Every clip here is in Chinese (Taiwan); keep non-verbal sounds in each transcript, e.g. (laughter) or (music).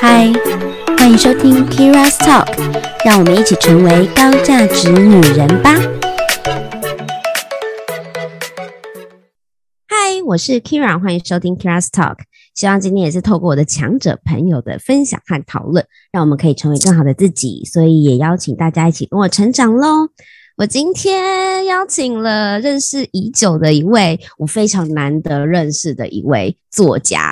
嗨，Hi, 歡迎收聽 Keira's Talk，讓我們一起成為高價值女人吧。嗨，我是 Keira，歡迎收聽 Keira's Talk。希望今天也是透過我的強者朋友的分享和討論，讓我們可以成為更好的自己。所以也邀請大家一起跟我成長嘍。我今天邀請了認識已久的一位，我非常難得認識的一位作家，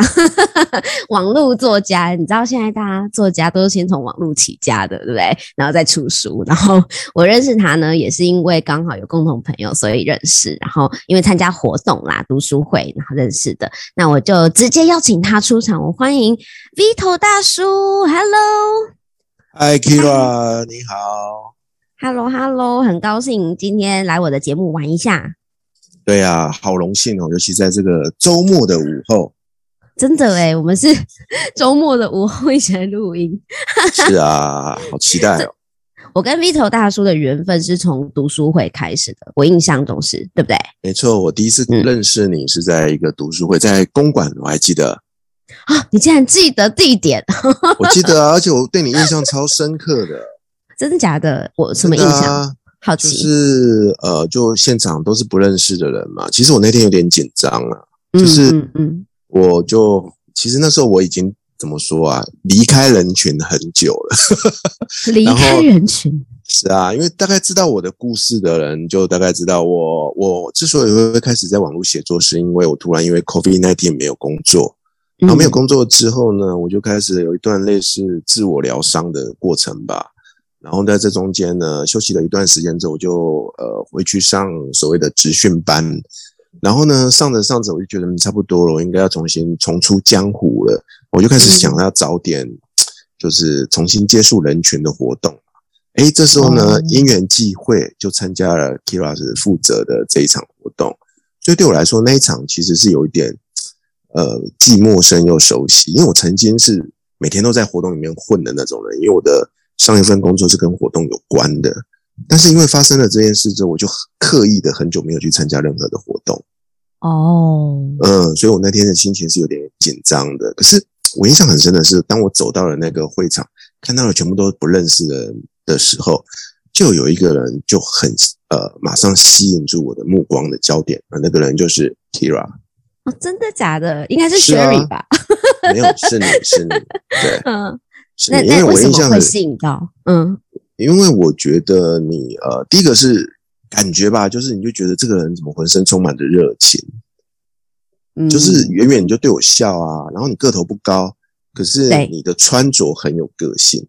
(laughs) 網絡作家。你知道現在大家作家都是先從網絡起家的，對不對？然後再出書。然後我認識他呢，也是因為剛好有共同朋友，所以認識。然後因為參加活動啦、讀書會，然後認識的。那我就直接邀請他出場。我歡迎 Vito 大叔，Hello，Hi Keira，Hi. 你好。哈嘍哈嘍很高興今天來我的節目玩一下。對啊，好榮幸哦，尤其在這個周末的午後。真的誒，我們是周末的午後一起來錄音。 (laughs) 是啊，好期待哦。我跟 Vito 大叔的緣分是從讀書會開始的，我印象中是，對不對？沒錯，我第一次認識你是在一個讀書會，嗯、在公館，我還記得。啊，你竟然記得地點？ (laughs) 我記得啊，而且我對你印象超深刻的。真的假的？我什麼印象？啊、好奇，就是呃，就現場都是不認識的人嘛。其實我那天有點緊張啊，嗯、就是嗯，我就其實那時候我已經怎麼說啊，離開人群很久了。離 (laughs) 開人群。是啊，因為大概知道我的故事的人，就大概知道我我之所以會開始在網絡寫作，是因為我突然因為 COVID nineteen 沒有工作，然後沒有工作之後呢，嗯、我就開始有一段類似自我療傷的過程吧。然後在這中間呢，休息了一段時間之後，我就呃回去上所謂的職訓班。然後呢，上着上着，我就覺得差不多了，我應該要重新重出江湖了。我就開始想，要找點就是重新接觸人群的活動。誒，這時候呢，因緣際會就參加了 Keira 是負責的這一場活動。所以對我來說，那一場其實是有一點呃既陌生又熟悉，因為我曾經是每天都在活動裡面混的那種人，因為我的。上一份工作是跟活動有關的，但是因為發生了這件事之後，我就刻意的很久沒有去參加任何的活動。哦，oh. 嗯，所以我那天的心情是有點緊張的。可是我印象很深的是，當我走到了那個會場，看到了全部都不認識的人的時候，就有一個人就很呃，馬上吸引住我的目光的焦點。而那個人就是 Keira。哦，oh, 真的假的？應該是 Sherry 吧？啊、 (laughs) 沒有，是你是你對。Oh. 是那那為什麼會吸引到？因為我印象很，嗯，因為我覺得你呃，第一個是感覺吧，就是你就覺得這個人怎麼渾身充滿着熱情，嗯、就是遠遠你就對我笑啊，然後你個頭不高，可是你的穿着很有個性，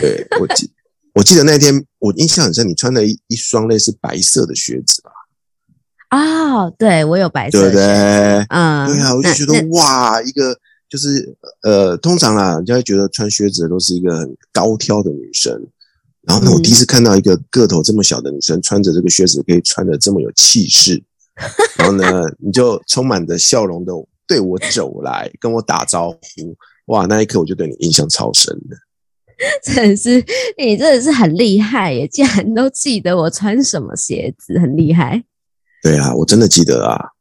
對，對我記， (laughs) 我記得那天我印象很深，你穿了一一雙類似白色的靴子吧？啊、哦，對我有白色的靴子，對，對，嗯，對啊，我就覺得那哇，那一個。就是呃，通常啦，啊，人家會覺得穿靴子都是一個很高挑的女生。然後呢，我第一次看到一個個頭這麼小的女生，穿着這個靴子可以穿得這麼有氣勢。然後呢，你就充滿着笑容的對我走來，跟我打招呼。哇，那一刻我就對你印象超深的。真的是，你真的是很厲害耶！竟然都記得我穿什麼鞋子，很厲害。對啊，我真的記得啊。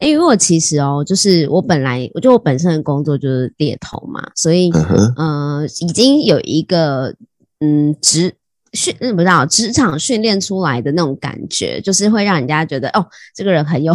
因為我其實哦，就是我本來我覺得我本身的工作就是獵頭嘛，所以、嗯、哼呃，已經有一個嗯職訓不知道職場訓練出來的那種感覺，就是會讓人家覺得哦，這個人很有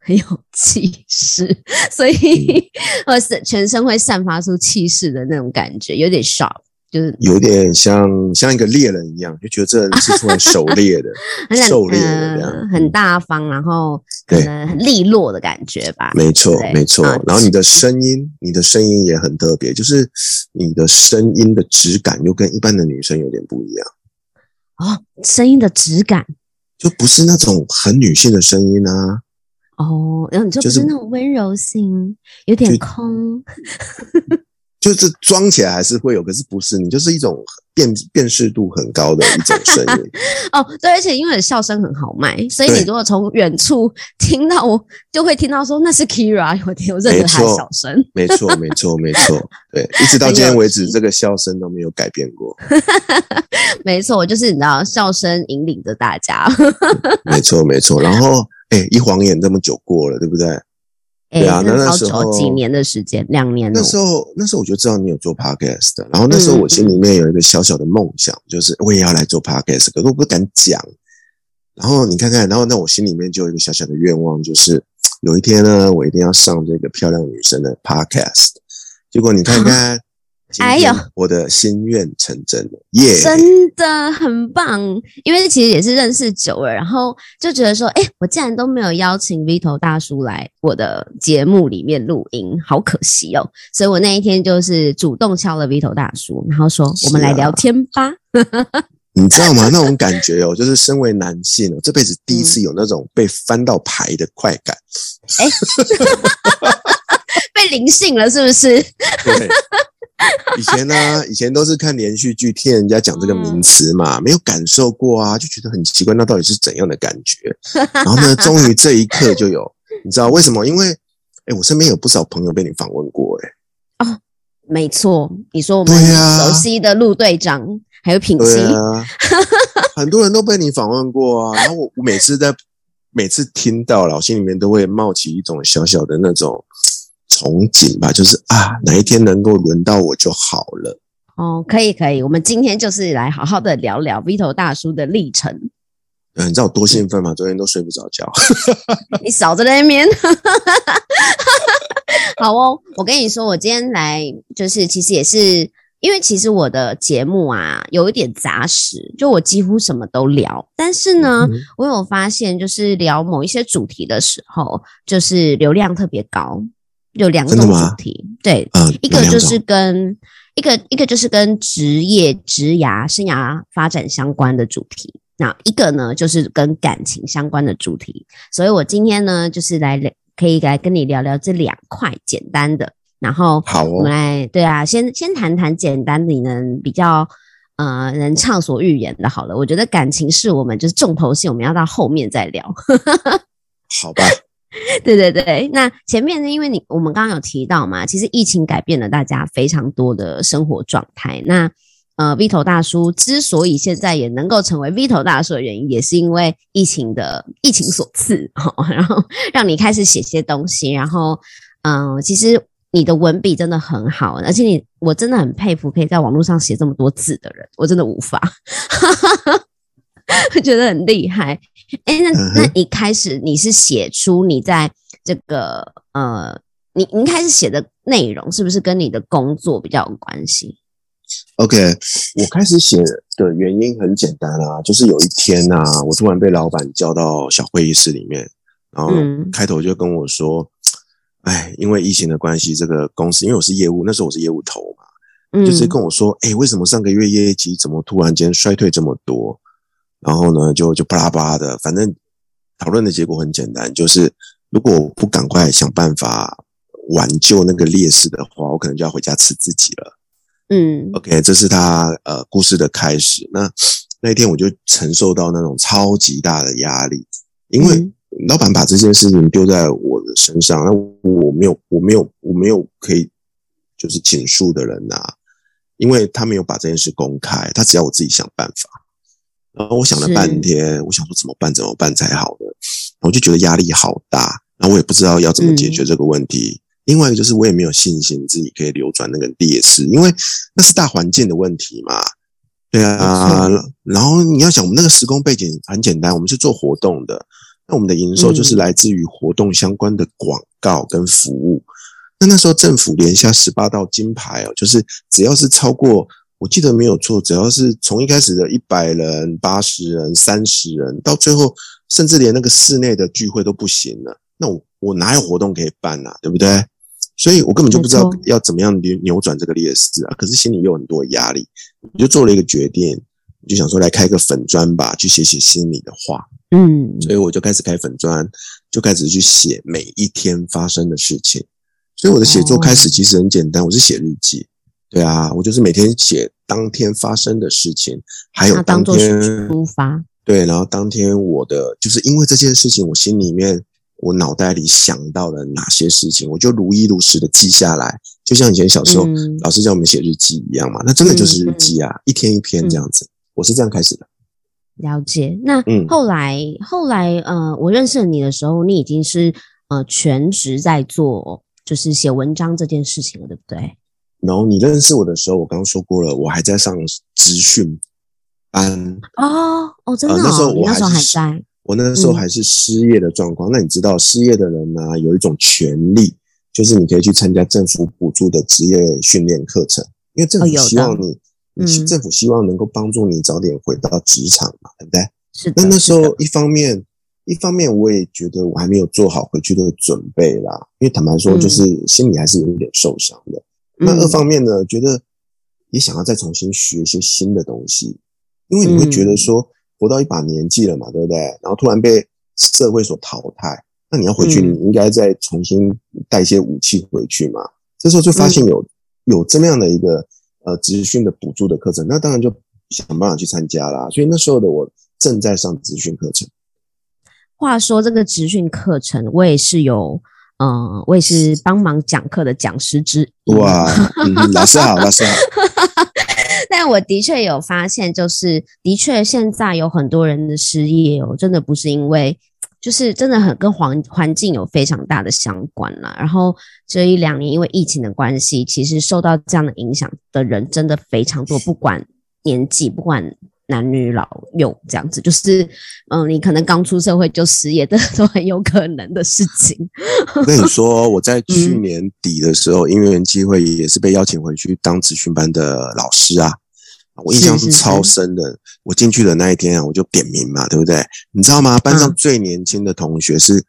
很有氣勢，所以我是，、嗯、全身會散發出氣勢的那種感覺，有點 shock。就是有點像像一個獵人一樣，就覺得這人是從來狩獵的， (laughs) 很像狩獵的這樣、呃、很大方，然後可能很利落的感覺吧。沒錯，沒錯。然後你的聲音，啊、你的聲音也很特別，就是你的聲音的質感又跟一般的女生有點不一樣。哦，聲音的質感就不是那種很女性的聲音啊。哦，然後你就不是、就是、那種溫柔性有點空。就 (laughs) 就是裝起來還是會有，可是不是你就是一種辨辨識度很高的一種聲音。 (laughs) 哦，對，而且因為你笑聲很豪邁，所以你如果從遠處聽到，就會聽到說那是 Kira，我有認識他的笑聲。沒錯，沒錯，沒錯，對，一直到今天為止，這個笑聲都沒有改變過。 (laughs) 沒錯，就是你知道，笑聲引領着大家。沒 (laughs) 錯、嗯，沒錯。然後，哎、欸，一晃眼這麼久過了，對不對？欸、對啊，那時候幾年的時間，兩年。那時候，那時候我就知道你有做 podcast，然後那時候我心裡面有一個小小的夢想，嗯哼，就是我也要來做 podcast，可是我不敢講。然後你看看，然後那我心裡面就有一個小小的願望，就是有一天呢，我一定要上這個漂亮女生的 podcast。結果你看看。啊哎呦，我的心願成真了！yeah，耶、哎！真的很棒，因為其實也是認識久了，然後就覺得說，哎，我竟然都沒有邀請 Vito 大叔來我的節目裡面錄音，好可惜哦。所以我那一天就是主動敲了 Vito 大叔，然後說，啊、我們來聊天吧。哈哈哈，你知道嗎？那種感覺哦，就是身為男性，這輩子第一次有那種被翻到牌的快感。嗯、哎， (laughs) 被臨幸了是不是？以前呢、啊，以前都是看連續劇，聽人家講這個名詞嘛，沒有感受過啊，就覺得很奇怪，那到底是怎樣的感覺？然後呢，終於這一刻就有，你知道為什麼？因為，哎、欸，我身邊有不少朋友被你訪問過、欸，哎，啊，沒錯，你說我們熟悉的陸隊長，啊、還有品希、啊，很多人都被你訪問過啊。然後我每次在每次聽到了，我心裡面都會冒起一種小小的那種。憧憬吧，就是啊，哪一天能夠輪到我就好了。哦，可以可以，我們今天就是來好好的聊聊 Vito 大叔的歷程。嗯、啊，你知道我多興奮嗎？昨天都睡不着覺。 (laughs) 你少在那邊。 (laughs) 好哦，我跟你說，我今天來就是其實也是因為其實我的節目啊有一點雜食，就我幾乎什麼都聊。但是呢，嗯、我有發現就是聊某一些主題的時候，就是流量特別高。有兩個主題，呃、對，一個就是跟一個一個就是跟職業、職涯、生涯發展相關的主題，那一個呢就是跟感情相關的主題。所以我今天呢就是來聊，可以來跟你聊聊這兩塊簡單的。然後，好，我們來，哦、對啊，先先談談簡單的，你能比較呃能暢所欲言的。好了，我覺得感情是我們就是重頭戲，我們要到後面再聊。哈哈哈。好吧。 (laughs) 對對對，那前面呢？因為你我們剛剛有提到嘛，其實疫情改變了大家非常多的生活狀態。那呃，Vito 大叔之所以現在也能夠成為 Vito 大叔的原因，也是因為疫情的疫情所賜、哦、然後讓你開始寫些東西，然後嗯、呃，其實你的文筆真的很好，而且你我真的很佩服可以在網絡上寫這麼多字的人，我真的無法， (laughs) 我覺得很厲害。哎、欸，那那一開始你是寫出你在這個呃，你你開始寫的內容是不是跟你的工作比較有關係？OK，我開始寫的原因很簡單啦、啊，就是有一天吶、啊，我突然被老闆叫到小會議室裡面，然後開頭就跟我說：“哎，因為疫情的關係，這個公司因為我是業務，那時候我是業務頭嘛，就是跟我說：哎、欸，為什麼上個月業績怎麼突然間衰退這麼多？”然後呢，就就巴拉巴拉的，反正討論的結果很簡單，就是如果我不趕快想辦法挽救那個劣勢的話，我可能就要回家吃自己了。嗯，OK，這是他呃故事的開始。那那一天我就承受到那種超級大的壓力，因為老板把這件事情丟在我的身上，那、嗯、我沒有我沒有我沒有可以就是傾訴的人吶、啊，因為他沒有把這件事公開，他只要我自己想辦法。然後我想了半天，是我想說怎麼辦？怎麼辦才好呢？然後我就覺得壓力好大，然後我也不知道要怎麼解決這個問題。嗯、另外一個就是我也沒有信心自己可以扭轉那個劣勢，因為那是大環境的問題嘛。對啊，Okay. 然後你要想，我們那個時空背景很簡單，我們是做活動的，那我們的營收就是來自於活動相關的廣告跟服務。嗯、那那時候政府連下十八道金牌哦，就是只要是超過。我記得沒有錯，只要是從一開始的一百人、八十人、三十人，到最後，甚至連那個室內的聚會都不行了。那我我哪有活動可以辦呢、啊？對不對？所以我根本就不知道要怎麼樣扭扭轉這個劣勢啊！可是心裡有很多壓力，我就做了一個決定，我就想說來開個粉專吧，去寫寫心裡的話。嗯，所以我就開始開粉專，就開始去寫每一天發生的事情。所以我的寫作開始其實很簡單，我是寫日記。對啊，我就是每天寫當天發生的事情，還有當天它當作是出發。對，然後當天我的就是因為這件事情，我心裡面、我腦袋裡想到了哪些事情，我就如一如實的記下來，就像以前小時候、嗯、老師叫我們寫日記一樣嘛。那真的就是日記啊，嗯、一天一篇這樣子。嗯、我是這樣開始的。了解。那後來，後來，呃，我認識你的時候，你已經是呃全職在做，就是寫文章這件事情了，對不對？然後、no, 你認識我的時候，我剛剛說過了，我還在上職訓班哦、oh, oh, 哦，真的嗎、呃，那時候我還，那時候還我那時候還是失業的狀況。嗯、那你知道失業的人呢、啊，有一種權利，就是你可以去參加政府補助的職業訓練課程，因為政府希望你，哦、你政府希望能夠幫助你早點回到職場嘛，對不對？白是的。的那,那時候一方面，的一方面我也覺得我還沒有做好回去的準備啦，因為坦白說，就是心裡還是有一點受傷的。嗯那二方面呢，嗯、覺得也想要再重新學一些新的東西，因為你會覺得說活到一把年紀了嘛，嗯、對不對？然後突然被社會所淘汰，那你要回去，你應該再重新帶一些武器回去嘛。嗯、這時候就發現有有這樣的一個呃職訓的補助的課程，那當然就想辦法去參加啦。所以那時候的我正在上職訓課程。話說這個職訓課程，我也是有。嗯、呃，我也是幫忙講課的講師之一。哇，老師好，老師好。但我的確有發現，就是的確現在有很多人的失業哦，真的不是因為，就是真的很跟環環境有非常大的相關啦。然後這一兩年因為疫情的關係，其實受到這樣的影響的人真的非常多，不管年紀，不管。男女老幼這樣子，就是，嗯，你可能剛出社會就失業的，這都很有可能的事情。我跟你說我在去年底的時候，嗯、因緣際會也是被邀請回去當職訓班的老師啊，我印象是超深的。是是是，我進去的那一天啊，我就點名嘛，對不對？你知道嗎？班上最年輕的同學是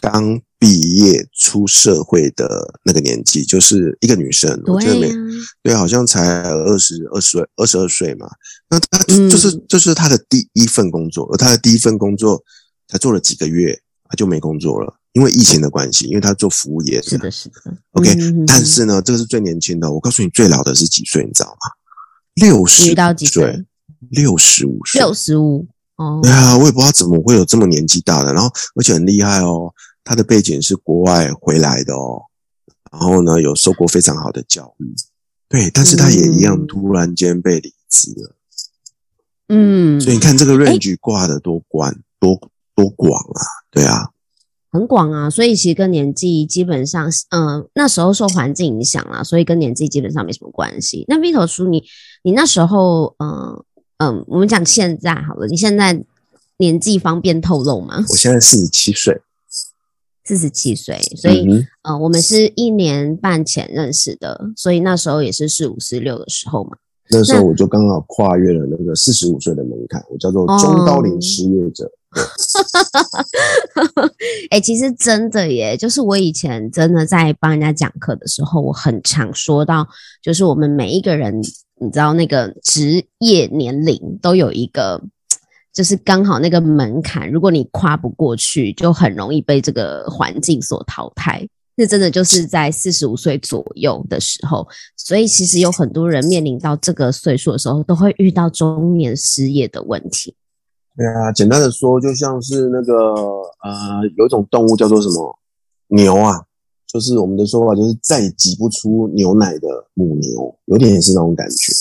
剛。畢業出社會的那個年紀，就是一個女生，對，啊、對，好像才二十二歲，二十二歲嘛。那她就是，嗯、就是她的第一份工作，而她的第一份工作，才做了幾個月，她就沒工作了，因為疫情的關係，因為她做服務業、啊、是的，是的。OK，、嗯、哼但是呢，這個是最年輕的。我告訴你，最老的是幾歲，你知道嗎？六十幾歲，六十五歲，六十五。哦，對啊，我也不知道怎麼會有這麼年紀大的，然後而且很厲害哦。他的背景是國外回來的哦，然後呢，有受過非常好的教育，對，但是他也一樣突然間被離職了，嗯，嗯，所以你看這個 range 掛的多寬，欸、多多廣啊？對啊，很廣啊，所以其實跟年紀基本上，嗯、呃，那時候受環境影響了，所以跟年紀基本上沒什麼關係。那 Vito 叔你，你你那時候，嗯、呃、嗯、呃，我們講現在好了，你現在年紀方便透露嗎？我現在四十七歲。四十七歲，所以、嗯、哼呃，我們是一年半前認識的，所以那時候也是四五、四六的時候嘛。那時候我就剛好跨越了那個四十五歲的門檻，我叫做中高齡失業者。哎、嗯 (laughs) 欸，其實真的耶，就是我以前真的在幫人家講課的時候，我很常說到，就是我們每一個人，你知道那個職業年齡都有一個。就是剛好那個門檻，如果你跨不過去，就很容易被這個環境所淘汰。那真的就是在四十五歲左右的時候，所以其實有很多人面臨到這個歲數的時候，都會遇到中年失業的問題。對啊，簡單的說，就像是那個呃，有一種動物叫做什麼牛啊，就是我們的說法就是再擠不出牛奶的母牛，有點也是那種感覺。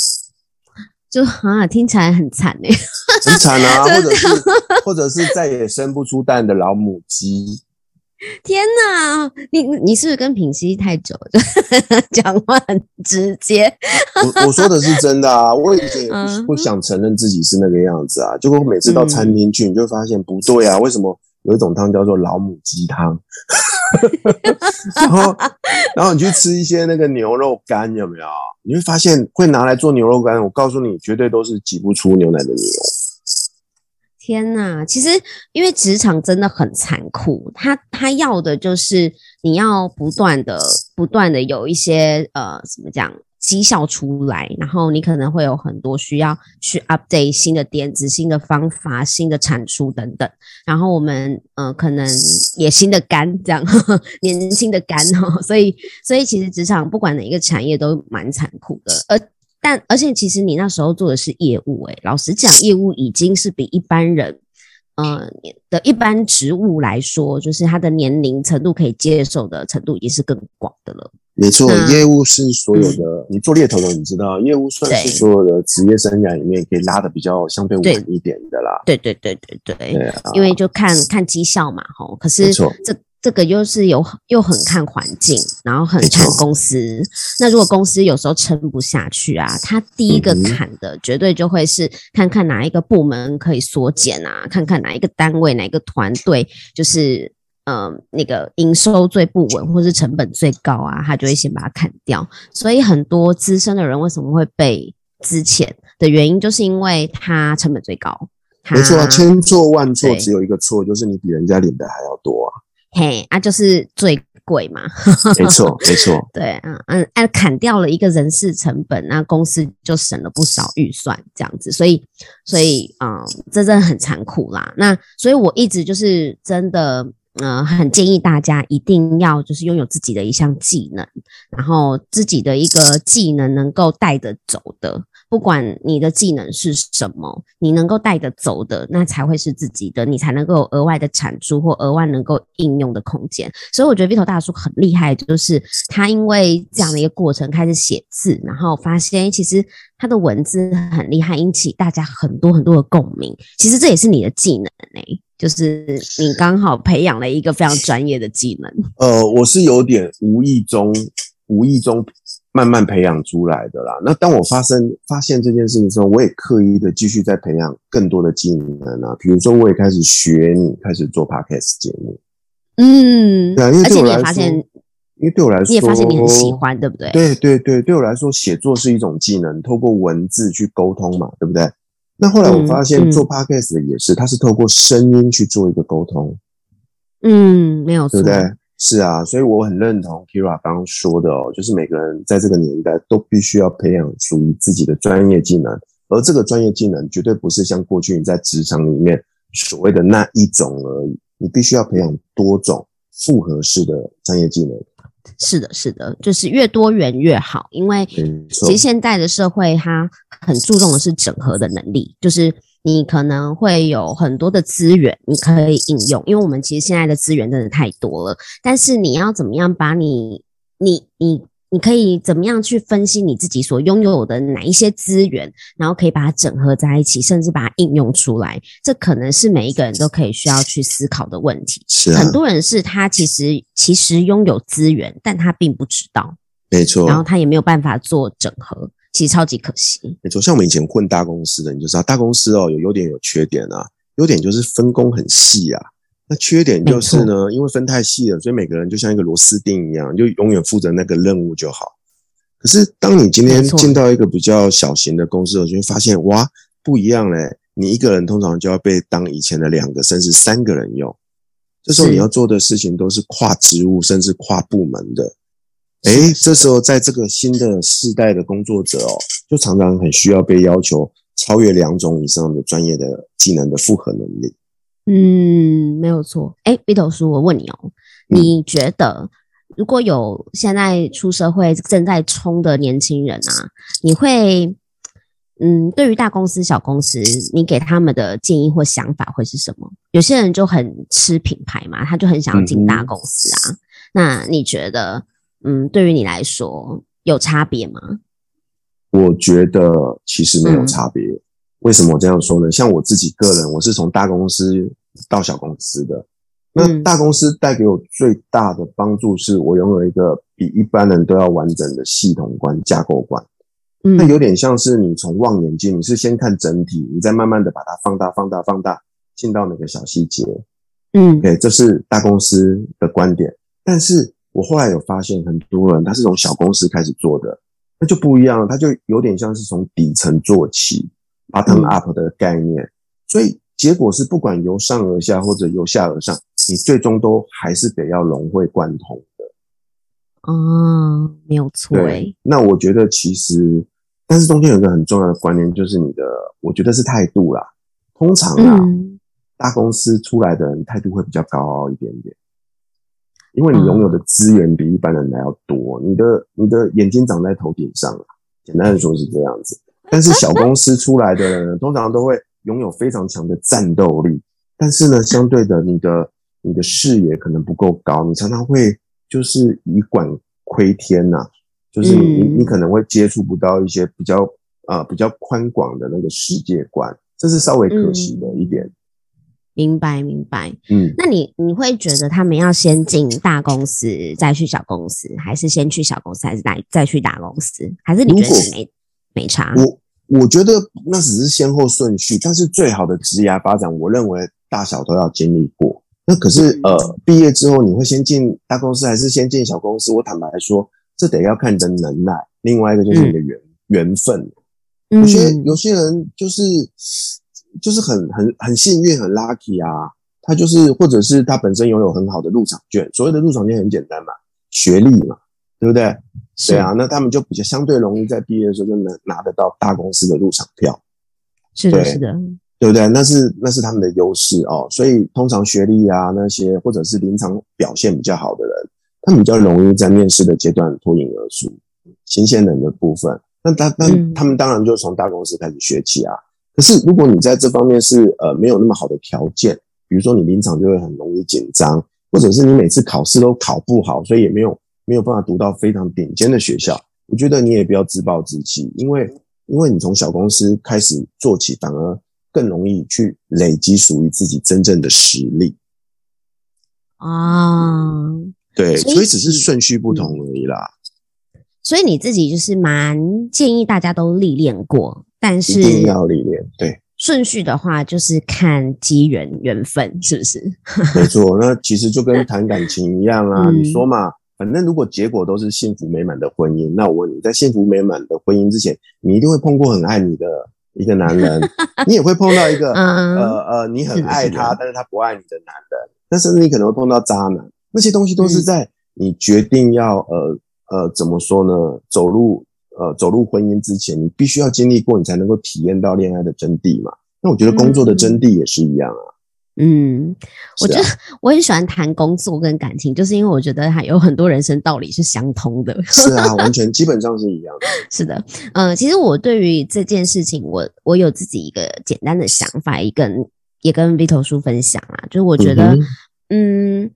就啊，聽起來很慘哎，很 (laughs) 慘啊，或者是，是或者是再也生不出蛋的老母雞。天哪，你你是不是跟品溪太久了？講 (laughs) 話很直接。 (laughs) 我我說的是真的啊，我以前也不、uh huh. 想承認自己是那個樣子啊，結果每次到餐廳去，你就發現不對啊，嗯、為什麼？有一種湯叫做老母雞湯，然後然後你去吃一些那個牛肉乾有沒有？你會發現會拿來做牛肉乾。我告訴你，絕對都是擠不出牛奶的牛。天哪！其實因為職場真的很殘酷，他他要的就是你要不斷的不斷的有一些呃，怎麼講？績效出來，然後你可能會有很多需要去 update 新的點子、新的方法、新的產出等等。然後我們呃，可能也新的肝這樣，呵呵，年輕的肝哦，所以，所以其實職場不管哪一個產業都蠻殘酷的。而但而且，其實你那時候做的是業務、欸，誒，老實講，業務已經是比一般人。呃、嗯，的一般職務來說，就是他的年齡程度可以接受的程度，已經是更廣的了。沒錯，業務是所有的，嗯、你做獵頭的，你知道業務算是所有的職業生涯裡面可以拉的比較相對穩一點的啦。對，對對對對對，對好因為就看看績效嘛，吼。可是這。這個又是有又很看環境，然後很看公司。那如果公司有時候撐不下去啊，他第一個砍的絕對就會是看看哪一個部門可以縮減啊，看看哪一個單位、哪一個團隊，就是嗯、呃，那個營收最不穩，或是成本最高啊，他就會先把它砍掉。所以很多資深的人為什麼會被資遣的原因，就是因為他成本最高。沒錯啊，千錯萬錯，只有一個錯，對就是你比人家領的還要多啊。嘿、hey, 啊，就是最貴嘛 (laughs) 沒，沒錯沒錯，對啊嗯，按、啊、砍掉了一個人事成本，那、啊、公司就省了不少預算，這樣子，所以所以啊、呃，這真的很殘酷啦。那所以我一直就是真的，呃，很建議大家一定要就是擁有自己的一項技能，然後自己的一個技能能夠帶得走的。不管你的技能是什麼，你能夠帶得走的，那才會是自己的，你才能夠額外的產出或額外能夠應用的空間。所以我覺得 Vito 大叔很厲害，就是他因為這樣的一個過程開始寫字，然後發現其實他的文字很厲害，引起大家很多很多的共鳴。其實這也是你的技能誒、欸，就是你剛好培養了一個非常專業的技能。呃，我是有點無意中，無意中。慢慢培養出來的啦。那當我發生發現這件事情的時候，我也刻意的繼續在培養更多的技能啊。比如說，我也開始學你，你開始做 podcast 節目。嗯，對啊，因為對我來說，因為對我來說，你也發現你很喜歡，對不對？對對對，對我來說，寫作是一種技能，透過文字去溝通嘛，對不對？那後來我發現做 podcast 的也是，嗯嗯，它是透過聲音去做一個溝通。嗯，沒有錯，對不對？是啊，所以我很認同 Keira 剛剛說的哦，就是每個人在這個年代都必須要培養屬於自己的專業技能，而這個專業技能絕對不是像過去你在職場裡面所謂的那一種而已，你必須要培養多種複合式的專業技能。是的，是的，就是越多元越好，因為其實現在的社會它很注重的是整合的能力，就是。你可能會有很多的資源，你可以應用，因為我們其實現在的資源真的太多了。但是你要怎麼樣把你、你、你、你可以怎麼樣去分析你自己所擁有的哪一些資源，然後可以把它整合在一起，甚至把它應用出來，這可能是每一個人都可以需要去思考的問題。是啊，很多人是他其實其實擁有資源，但他並不知道，沒錯，然後他也沒有辦法做整合。其實超級可惜。沒錯，像我們以前混大公司的，你就知道大公司哦，有優點有缺點啊。優點就是分工很細啊，那缺點就是呢，沒錯 因為分太細了，所以每個人就像一個螺絲釘一樣，就永遠負責那個任務就好。可是當你今天進到一個比較小型的公司，我沒錯 就會發現，哇，不一樣嘞，你一個人通常就要被當以前的兩個甚至三個人用，這時候你要做的事情都是跨職務甚至跨部門的。哎，這時候在這個新的世代的工作者哦，就常常很需要被要求超越兩種以上的專業的技能的複合能力。嗯，沒有錯。哎，Vito 叔，我問你哦，嗯、你覺得如果有現在出社會正在衝的年輕人啊，你會嗯，對於大公司、小公司，你給他們的建議或想法會是什麼？有些人就很吃品牌嘛，他就很想要進大公司啊。嗯嗯，那你覺得？嗯，對於你來說有差別嗎？我覺得其實沒有差別。嗯、為什麼我這樣說呢？像我自己個人，我是從大公司到小公司的。那大公司帶給我最大的幫助是，我擁有一個比一般人都要完整的系統觀、架構觀。嗯，那有點像是你從望遠鏡，你是先看整體，你再慢慢的把它放大、放大、放大，進到每個小細節。嗯，對，這是大公司的觀點，但是。我後來有發現，很多人他是從小公司開始做的，那就不一樣了，他就有點像是從底層做起，bottom up 的概念。所以結果是，不管由上而下或者由下而上，你最終都還是得要融會貫通的。啊、嗯，沒有錯、欸。對。那我覺得其實，但是中間有一個很重要的觀念，就是你的，我覺得是態度啦。通常啊，嗯、大公司出來的人態度會比較高傲一點點。因為你擁有的資源比一般人還要多，你的你的眼睛長在頭頂上啊，簡單的說是這樣子。但是小公司出來的人通常都會擁有非常強的戰鬥力，但是呢，相對的，你的你的視野可能不夠高，你常常會就是以管窺天吶啊，就是你你可能會接觸不到一些比較呃比較寬廣的那個世界觀，這是稍微可惜的一點。明白，明白，明白。嗯，那你你會覺得他們要先進大公司再去小公司，還是先去小公司，還是再再去大公司？還是你覺得沒果沒差？我我覺得那只是先後順序，但是最好的職業發展，我認為大小都要經歷過。那可是呃，畢業之後你會先進大公司還是先進小公司？我坦白說，這得要看你的能耐。另外一個就是你的緣緣、嗯、分，有些有些人就是。就是很很很幸運很 lucky 啊，他就是或者是他本身擁有很好的入場券。所謂的入場券很簡單嘛，學歷嘛，對不對？是對啊，那他們就比較相對容易在畢業的時候就能拿得到大公司的入場票。是的，對是的，對不對？那是那是他們的優勢哦。所以通常學歷啊那些或者是臨場表現比較好的人，他比較容易在面試的階段脫穎而出。新鮮人的部分，那他那他們當然就從大公司開始學起啊。可是，如果你在這方面是呃沒有那麼好的條件，比如說你臨場就會很容易緊張，或者是你每次考試都考不好，所以也沒有沒有辦法讀到非常頂尖的學校。我覺得你也不要自暴自棄，因為因為你從小公司開始做起，反而更容易去累積屬於自己真正的實力。啊，對，所以只是順序不同而已啦。所以你自己就是蠻建議大家都歷練過，但是一定要歷練。對，順序的話就是看機緣緣分，是不是？沒錯，那其實就跟談感情一樣啊。那你說嘛，嗯、反正如果結果都是幸福美滿的婚姻，那我問你在幸福美滿的婚姻之前，你一定會碰過很愛你的一個男人，嗯、你也會碰到一個、嗯、呃呃，你很愛他，是不是但是他不愛你的男人，那甚至你可能會碰到渣男。那些東西都是在你決定要、嗯、呃。呃，怎麼說呢？走入呃，走入婚姻之前，你必須要經歷過，你才能夠體驗到戀愛的真諦嘛。那我覺得工作的真諦也是一樣啊。嗯，啊、我覺得我很喜歡談工作跟感情，就是因為我覺得還有很多人生道理是相通的。是啊，完全 (laughs) 基本上是一樣的。是的，嗯、呃，其實我對於這件事情，我我有自己一個簡單的想法，一個也跟 Vito 叔分享啊，就是我覺得，嗯，哼嗯。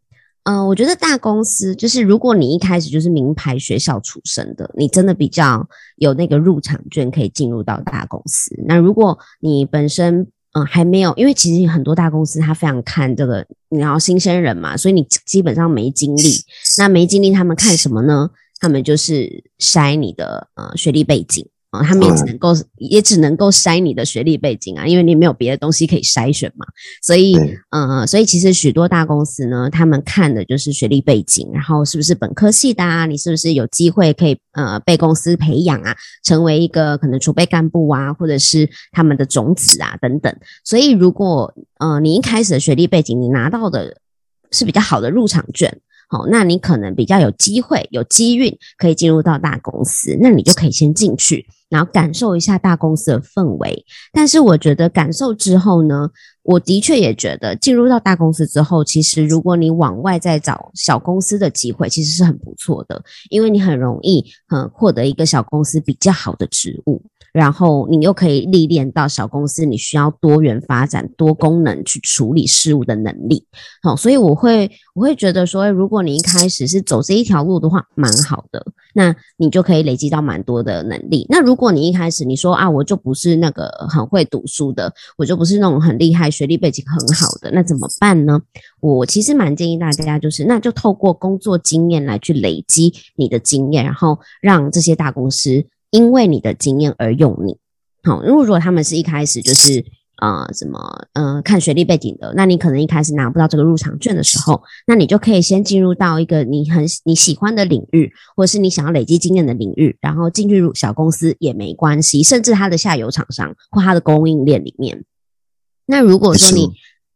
嗯、呃，我覺得大公司就是，如果你一開始就是名牌學校出身的，你真的比較有那個入場券，可以進入到大公司。那如果你本身嗯、呃、還沒有，因為其實很多大公司他非常看這個，你要新鮮人嘛，所以你基本上沒經歷。那沒經歷他們看什麼呢？他們就是篩你的呃學歷背景。啊，他們也只能夠也只能夠篩你的學歷背景啊，因為你沒有別的東西可以篩選嘛。所以，嗯，所以其實許多大公司呢，他們看的就是學歷背景，然後是不是本科系的啊？你是不是有機會可以呃被公司培養啊，成為一個可能儲備幹部啊，或者是他們的種子啊等等。所以，如果呃你一開始的學歷背景你拿到的是比較好的入場券。好、哦，那你可能比較有機會、有機運，可以進入到大公司，那你就可以先進去，然後感受一下大公司的氛圍。但是我覺得感受之後呢，我的確也覺得進入到大公司之後，其實如果你往外再找小公司的機會，其實是很不錯的，因為你很容易嗯獲得一個小公司比較好的職務。然後你又可以歷練到小公司，你需要多元發展、多功能去處理事務的能力。好、哦，所以我會我會覺得說，如果你一開始是走這一條路的話，蠻好的，那你就可以累積到蠻多的能力。那如果你一開始你說啊，我就不是那個很會讀書的，我就不是那種很厲害、學歷背景很好的，那怎麼辦呢？我其實蠻建議大家，就是那就透過工作經驗來去累積你的經驗，然後讓這些大公司。因為你的經驗而用你，好，哦。如果他們是一開始就是呃什麼嗯、呃、看學歷背景的，那你可能一開始拿不到這個入場券的時候，那你就可以先進入到一個你很你喜歡的領域，或是你想要累積經驗的領域，然後進入小公司也沒關係，甚至他的下游廠商或他的供應鏈裡面。那如果說你。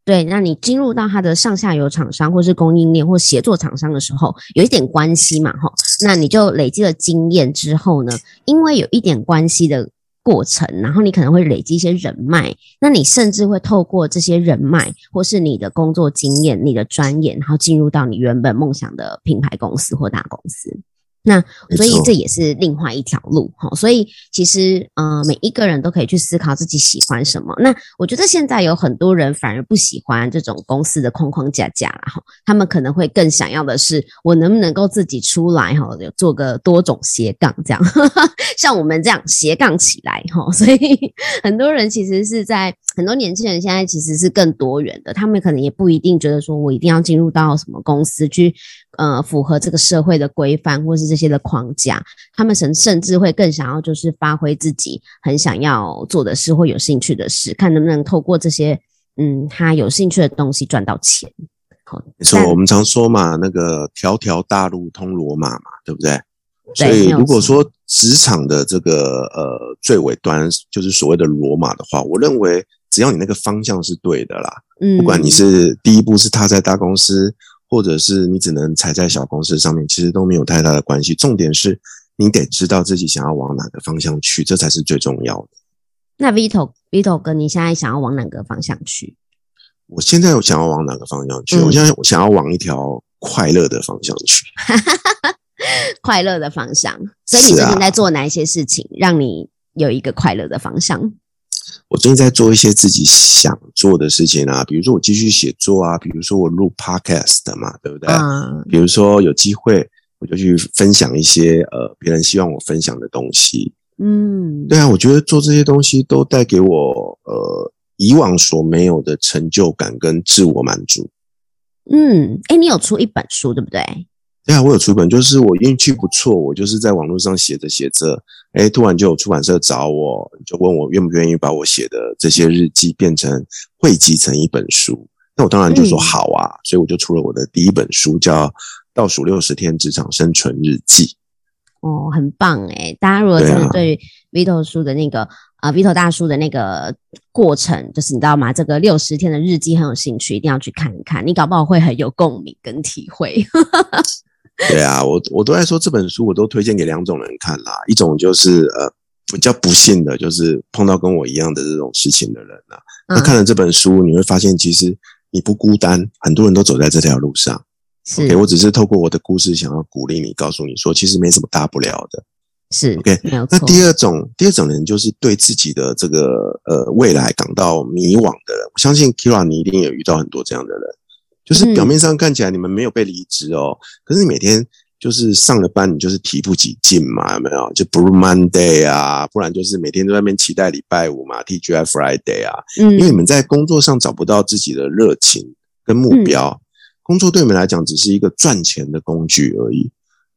對，那你進入到他的上下游廠商，或是供應鏈，或協作廠商的時候，有一點關係嘛，齁，那你就累積了經驗之後呢，因為有一點關係的過程，然後你可能會累積一些人脈，那你甚至會透過這些人脈，或是你的工作經驗、你的專業，然後進入到你原本夢想的品牌公司或大公司。那所以這也是另外一條路哈，所以其實呃每一個人都可以去思考自己喜歡什麼。那我覺得現在有很多人反而不喜歡這種公司的框框架架了哈，他們可能會更想要的是我能不能夠自己出來哈，有做個多種斜槓這樣，像我們這樣斜槓起來哈。所以很多人其實是在很多年輕人現在其實是更多元的，他們可能也不一定覺得說我一定要進入到什麼公司去。呃，符合這個社會的規範，或是這些的框架，他們甚甚至會更想要，就是發揮自己很想要做的事或有興趣的事，看能不能透過這些，嗯，他有興趣的東西賺到錢。沒錯，你說但我們常說嘛，那個條條大路通羅馬嘛，對不對？對所以如果說職場的這個呃最尾端就是所謂的羅馬的話，我認為只要你那個方向是對的啦，嗯，不管你是第一步是踏在大公司。或者是你只能踩在小公司上面，其實都沒有太大的關係。重點是你得知道自己想要往哪個方向去，這才是最重要的。那 Vito Vito 哥，你現在想要往哪個方向去？我現在想要往哪個方向去？嗯、我現在想要往一條快樂的方向去， (laughs) 快樂的方向。所以你最近在做哪一些事情，啊、讓你有一個快樂的方向？我最近在做一些自己想做的事情啊，比如說我繼續寫作啊，比如說我錄 podcast 的嘛，對不對？Uh, 比如說有機會我就去分享一些呃別人希望我分享的東西。嗯，um, 對啊，我覺得做這些東西都帶給我呃以往所沒有的成就感跟自我滿足。嗯，欸，你有出一本書對不對？對啊，我有出本，就是我運氣不錯，我就是在網絡上寫着寫着。哎，突然就有出版社找我，就問我願不願意把我寫的這些日記變成匯集成一本書。那我當然就說好啊，嗯、所以我就出了我的第一本書，叫《倒數六十天職場生存日記》。哦，很棒哎、欸！大家如果真的對、啊、對於 Vito 書的那個啊、呃、Vito 大叔的那個過程，就是你知道嗎？這個六十天的日記很有興趣，一定要去看一看。你搞不好會很有共鳴跟體會。 (laughs) 對啊，我我都在說這本書，我都推薦給兩種人看啦。一種就是呃比較不幸的，就是碰到跟我一樣的這種事情的人啦。嗯，那看了這本書，你會發現其實你不孤單，很多人都走在這條路上。是，okay, 我只是透過我的故事想要鼓勵你，告訴你說其實沒什麼大不了的。是，OK 沒錯。那第二種第二種人就是對自己的這個呃未來感到迷惘的人。我相信 Kira，你一定有遇到很多這樣的人。就是表面上看起來你們沒有被離職哦，嗯、可是你每天就是上了班，你就是提不起勁嘛，有沒有？就 Blue Monday 啊，不然就是每天都在那邊期待禮拜五嘛，T G I Friday 啊，嗯、因為你們在工作上找不到自己的熱情跟目標，嗯、工作對你們來講只是一個賺錢的工具而已，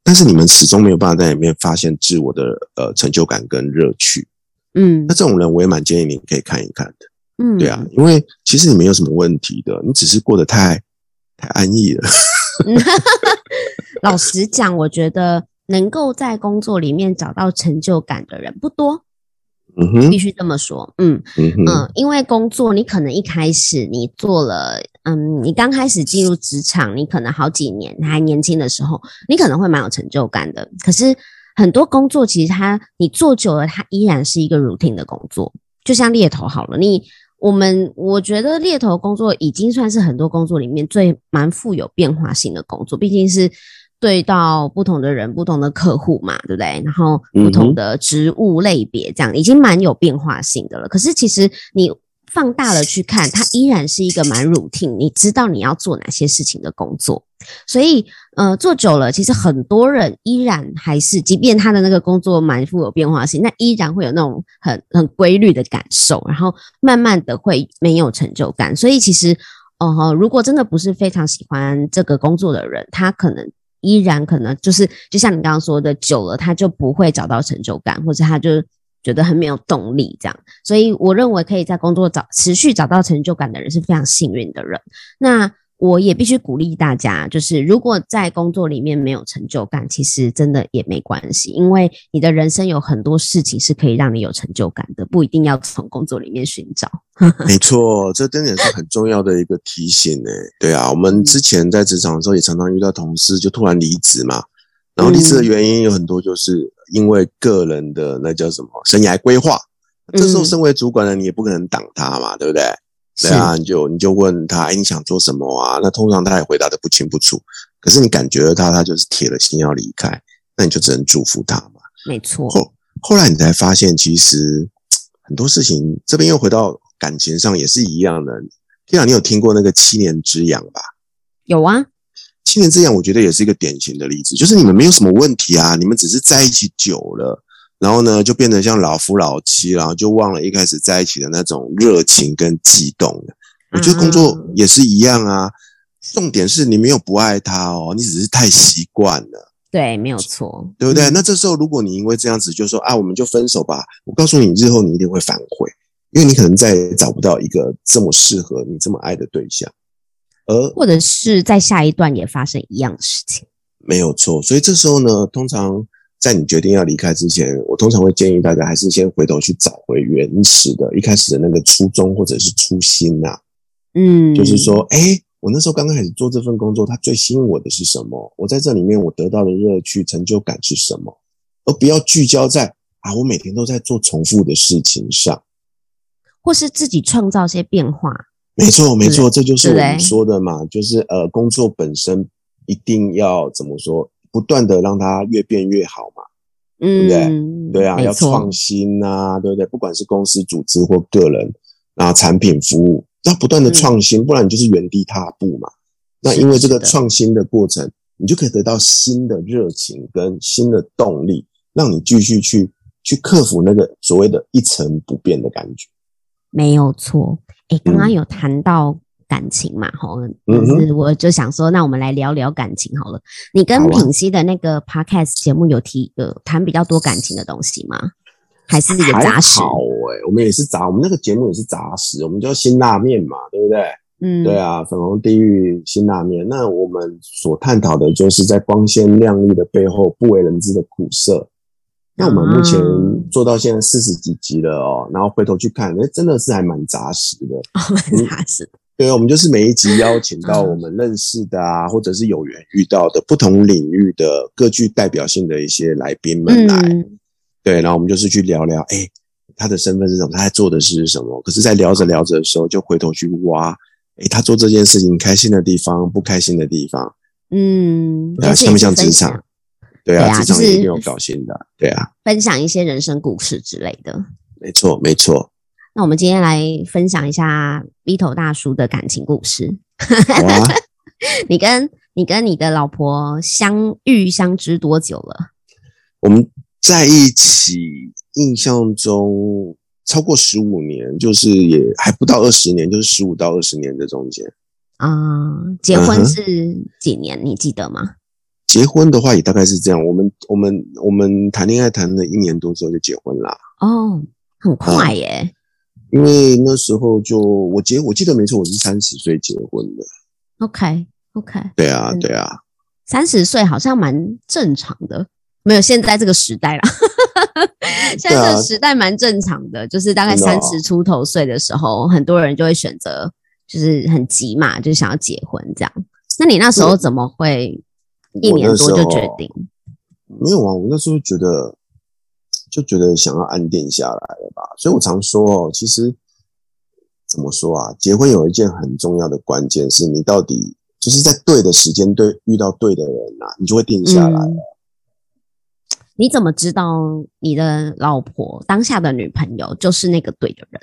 但是你們始終沒有辦法在裡面發現自我的呃成就感跟樂趣，嗯，那這種人我也蠻建議你可以看一看的，嗯，對啊，因為其實你沒有什麼問題的，你只是過得太。太安逸了。 (laughs) 老實講，我覺得能夠在工作裡面找到成就感的人不多。嗯哼，必須這麼說。嗯嗯嗯、呃，因為工作，你可能一開始你做了，嗯，你剛開始進入職場，你可能好幾年，還年輕的時候，你可能會蠻有成就感的。可是很多工作其實它你做久了，它依然是一個 routine 的工作。就像獵頭好了，你。我們我覺得獵頭工作已經算是很多工作裡面最蠻富有變化性的工作，畢竟是對到不同的人、不同的客戶嘛，對不對？然後不同的職務類別這樣，已經蠻有變化性的了。可是其實你放大了去看，它依然是一個蠻 routine，你知道你要做哪些事情的工作。所以，呃，做久了，其實很多人依然還是，即便他的那個工作蠻富有變化性，那依然會有那種很很規律的感受，然後慢慢的會沒有成就感。所以，其實，哦、呃，如果真的不是非常喜歡這個工作的人，他可能依然可能就是，就像你剛剛說的，久了他就不會找到成就感，或者他就覺得很沒有動力這樣。所以，我認為可以在工作找持續找到成就感的人是非常幸運的人。那。我也必須鼓勵大家，就是如果在工作裡面沒有成就感，其實真的也沒關係，因為你的人生有很多事情是可以讓你有成就感的，不一定要從工作裡面尋找。 (laughs) 沒錯，這真的是很重要的一個提醒呢、欸。對啊，我們之前在職場的時候也常常遇到同事就突然離職嘛，然後離職的原因有很多，就是因為個人的，那叫什麼，生涯規劃。這時候身為主管的你也不可能擋他嘛，對不對？對啊，你就你就問他，哎、欸，你想做什麼啊？那通常他也回答得不清不楚，可是你感覺到他，他就是鐵了心要離開，那你就只能祝福他嘛。沒錯。後後來你才發現，其實很多事情這邊又回到感情上也是一樣的。Keira，你有聽過那個七年之癢吧？有啊，七年之癢，我覺得也是一個典型的例子，就是你們沒有什麼問題啊，你們只是在一起久了。然後呢，就變得像老夫老妻，然後就忘了一開始在一起的那種熱情跟悸動、嗯啊、我覺得工作也是一樣啊，重點是你沒有不愛他哦，你只是太習慣了。對，沒有錯，對不對？嗯、那這時候如果你因為這樣子就說啊，我們就分手吧，我告訴你，日後你一定會反悔，因為你可能再也找不到一個這麼適合你、這麼愛的對象，而或者是在下一段也發生一樣的事情。沒有錯，所以這時候呢，通常。在你決定要離開之前，我通常會建議大家還是先回頭去找回原始的一開始的那個初衷或者是初心吶、啊。嗯，就是說，哎、欸，我那時候剛剛開始做這份工作，它最吸引我的是什麼？我在這裡面我得到的樂趣、成就感是什麼？而不要聚焦在啊，我每天都在做重複的事情上，或是自己創造一些變化。沒錯，沒錯，對這就是我們說的嘛，對對就是呃，工作本身一定要怎麼說？不斷的讓它越變越好嘛，嗯、對不對？對啊，沒錯。要創新啊，對不對？不管是公司組織或個人，然後、啊、產品服務，要不斷的創新，嗯、不然你就是原地踏步嘛。那因為這個創新的過程，是是你就可以得到新的熱情跟新的動力，讓你繼續去去克服那個所謂的一成不變的感覺。沒有錯，誒，剛剛有談到。嗯感情嘛，吼，是我就想說，那我們來聊聊感情好了。你跟品希的那個 Podcast 節目有提呃談比較多感情的東西嗎？還是一個雜食？哎、欸，我們也是雜，我們那個節目也是雜食，我們叫辛辣麵嘛，對不對？嗯，對啊，粉紅地獄辛辣麵。那我們所探討的就是在光鮮亮麗的背後，不為人知的苦澀。那我們目前做到現在四十幾集了哦、喔，然後回頭去看，那、欸，真的是還蠻雜食的，蠻雜食。對，我們就是每一集邀請到我們認識的啊，嗯、或者是有緣遇到的不同領域的各具代表性的一些來賓們來。嗯、對，然後我們就是去聊聊，誒，他的身份是什麼，他在做的是什麼。可是，在聊着聊着的時候，就回頭去挖，誒，他做這件事情開心的地方，不開心的地方。嗯，像不、啊、像職場，對啊，職場也一定有高興的，對啊，就是、對啊，分享一些人生故事之類的。沒錯，沒錯。那我們今天來分享一下 Vito 大叔的感情故事。好啊、 (laughs) 你跟你跟你的老婆相遇相知多久了？我們在一起印象中超過十五年，就是也還不到二十年，就是十五到二十年的中間。啊、嗯，結婚是幾年？Uh huh、你記得嗎？結婚的話也大概是這樣，我們我們我們談戀愛談了一年多，之後就結婚了。哦，oh, 很快耶、欸。Uh huh. 因為那時候就我結，我記得沒錯，我是三十歲結婚的。OK OK，對啊對啊，三十歲好像蠻正常的，沒有現在這個時代啦。現在這個時代蠻 (laughs) 正常的，啊、就是大概三十出頭歲的時候，很多人就會選擇，就是很急嘛，就想要結婚這樣。那你那時候怎麼會一年多就決定？沒有啊，我那時候覺得。就覺得想要安定下來了吧，所以我常說哦，其實怎麼說啊？結婚有一件很重要的關鍵是你到底就是在對的時間對遇到對的人啊，你就會定下來，嗯。你怎麼知道你的老婆當下的女朋友就是那個對的人？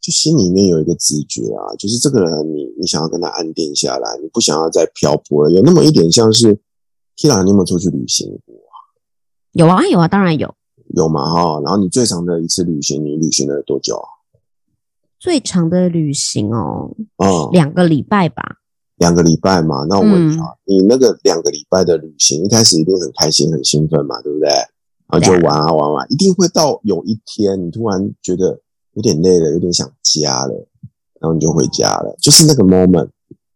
就心裡面有一個直覺啊，就是這個人你，你你想要跟他安定下來，你不想要再漂泊了。有那麼一點像是 Keira，你有沒有出去旅行過啊？有啊，有啊，當然有。有嘛哈？然後你最長的一次旅行，你旅行了多久？啊？最長的旅行哦，哦、嗯，兩個禮拜吧。兩個禮拜嘛？那我問你啊，嗯、你那個兩個禮拜的旅行，一開始一定很開心、很興奮嘛，對不對？然後就玩啊玩啊、啊，樣一定會到有一天，你突然覺得有點累了，有點想家了，然後你就回家了，就是那個 moment。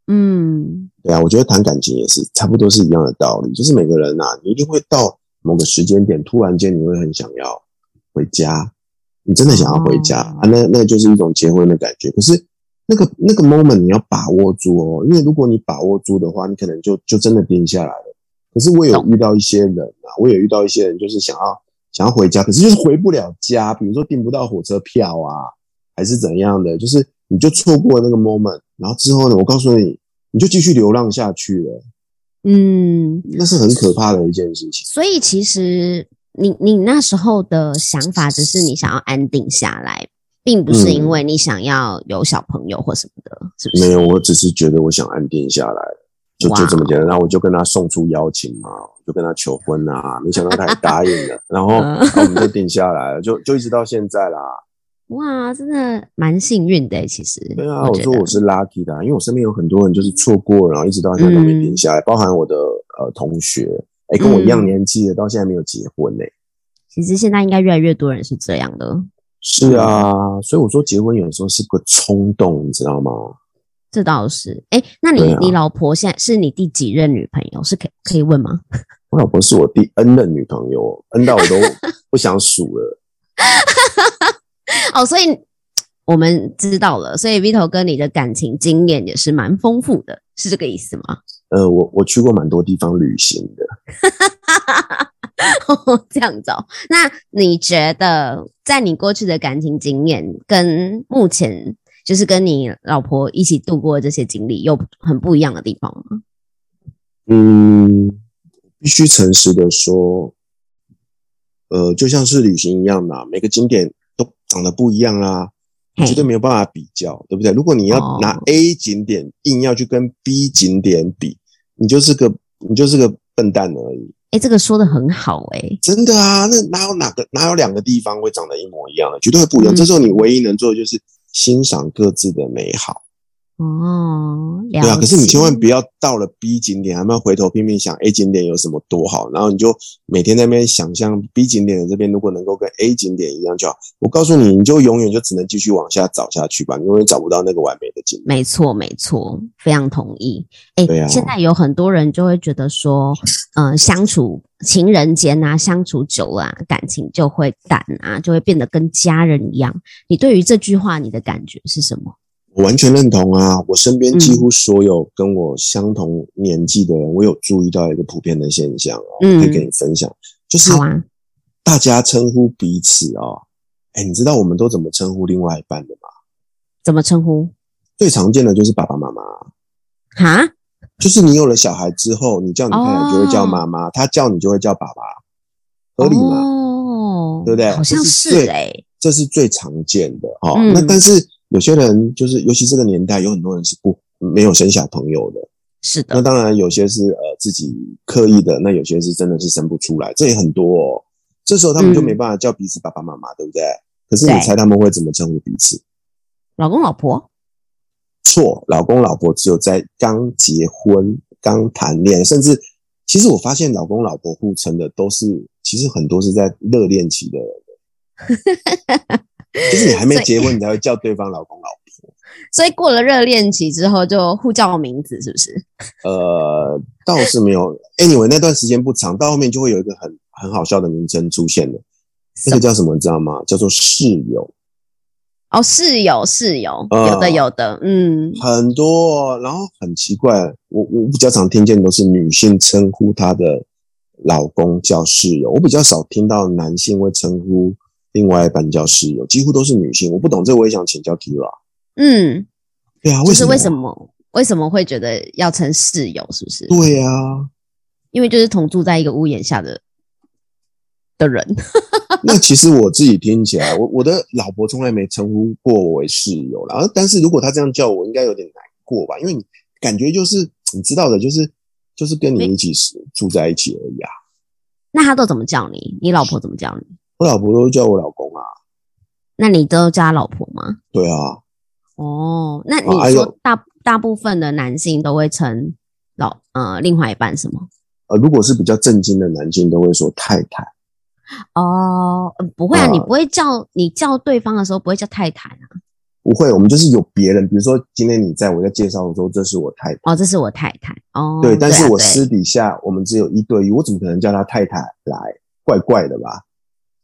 嗯，對啊，我覺得談感情也是差不多是一樣的道理，就是每個人啊，你一定會到。某個時間點，突然間你會很想要回家，你真的想要回家啊，啊？那那就是一種結婚的感覺。可是那個那個 moment 你要把握住哦，因為如果你把握住的話，你可能就就真的定下來了。可是我有遇到一些人啊，我有遇到一些人就是想要想要回家，可是就是回不了家，比如說訂不到火車票啊，還是怎樣的，就是你就錯過那個 moment，然後之後呢，我告訴你，你就繼續流浪下去了。嗯，那是很可怕的一件事情。所以其實你你那時候的想法，只是你想要安定下來，並不是因為你想要有小朋友或什麼的，嗯、是不是？沒有，我只是覺得我想安定下來，就哇就這麼簡單。然後我就跟他送出邀請嘛，就跟他求婚啊，沒想到他也答應了， (laughs) 然後我們就定下來了，就就一直到現在啦。哇，真的蠻幸運的、欸，其實。對啊，我，我說我是 lucky 的、啊，因為我身邊有很多人就是錯過，然後一直到現在都沒定下來，嗯、包含我的呃同學，哎、欸，跟我一樣年紀的，嗯、到現在沒有結婚呢、欸。其實現在應該越來越多人是這樣的。是啊，嗯、所以我說結婚有的時候是個衝動，你知道嗎？這倒是，哎、欸，那你、啊、你老婆現在是你第幾任女朋友？是可以可以問嗎？我老婆是我第 N 任女朋友，N 到我都不想數了。 (laughs) 哦，所以我們知道了，所以 Vito 哥你的感情經驗也是蠻豐富的，是這個意思嗎？呃，我我去過蠻多地方旅行的， (laughs) 哦、這樣子。那你覺得在你過去的感情經驗跟目前就是跟你老婆一起度過這些經歷，有很不一樣的地方嗎？嗯，必須誠實的說，呃，就像是旅行一樣的，每個景點，長得不一樣啦、啊，絕對沒有辦法比較，嘿對不對？如果你要拿 A 景點硬要去跟 B 景點比，哦，你就是個你就是個笨蛋而已。哎，這個說得很好哎，欸，真的啊，那哪有哪個哪有兩個地方會長得一模一樣的，啊，絕對不一樣。嗯，這時候你唯一能做的就是欣賞各自的美好。哦，對啊，可是你千萬不要到了 B 景點，還要回頭拼命想 A 景點有什麼多好，然後你就每天在那邊想象 B 景點的這邊如果能夠跟 A 景點一樣就好。我告訴你，你就永遠就只能繼續往下找下去吧，你永遠找不到那個完美的景點。沒錯，沒錯，非常同意。哎、欸，對啊。現在有很多人就會覺得說，嗯、呃，相處情人間啊，相處久了啊，感情就會淡啊，就會變得跟家人一樣。你對於這句話，你的感覺是什麼？我完全認同啊！我身邊幾乎所有跟我相同年紀的人，嗯、我有注意到一個普遍的現象哦、嗯、我可以跟你分享，就是哇大家稱呼彼此哦。誒、欸、你知道我們都怎麼稱呼另外一半的嗎？怎麼稱呼？最常見的就是爸爸媽媽啊，哈就是你有了小孩之後，你叫你太太就會叫媽媽，哦、他叫你就會叫爸爸，合理嗎？哦，對不對？好像是哎、欸，這是最常見的哦。嗯、那但是。有些人就是，尤其這個年代，有很多人是不沒有生小朋友的，是的。那當然有些是呃自己刻意的，嗯、那有些是真的是生不出來，這也很多哦。這時候他們就沒辦法叫彼此爸爸媽媽，嗯、對不對？可是你猜他們會怎麼稱呼彼此？老公老婆？錯，老公老婆只有在剛結婚、剛談戀愛，甚至其實我發現老公老婆互稱的，都是其實很多是在熱戀期的人。 (laughs) 就是你還沒結婚，所以你才會叫對方老公老婆，所以過了熱戀期之後就互叫名字，是不是？呃，倒是沒有，哎，Anyway，那段時間不長，到後面就會有一個很很好笑的名稱出現了，那個 So. 叫什麼你知道嗎？叫做室友。哦，oh, 室友，室友，呃，有的，有的，嗯，很多，然後很奇怪，我我比較常聽見都是女性稱呼她的老公叫室友，我比較少聽到男性會稱呼。另外，一半叫室友幾乎都是女性，我不懂這個，我也想請教 Keira。嗯，對啊，為什麼，就是為什麼？為什麼會覺得要稱室友？是不是？對啊，因為就是同住在一個屋檐下的的人。 (laughs) 那其實我自己聽起來，我我的老婆從來沒稱呼過我為室友啦。但是，如果她這樣叫我，應該有點難過吧？因為你感覺就是你知道的，就是就是跟你一起住在一起而已啊。那她都怎麼叫你？你老婆怎麼叫你？我老婆都叫我老公啊，那你都叫他老婆嗎？對啊。哦，那你說大，啊哎、大部分的男性都會稱老呃，另外一半什麼？呃，如果是比較正經的男性，都會說太太。哦，呃，不會啊，啊你不會叫你叫對方的時候不會叫太太啊？不會，我們就是有別人，比如說今天你在我在介紹的時候，這是我太太。哦，這是我太太。哦，對，但是我私底下我們只有一對一，對啊，對我怎麼可能叫她太太來？怪怪的吧？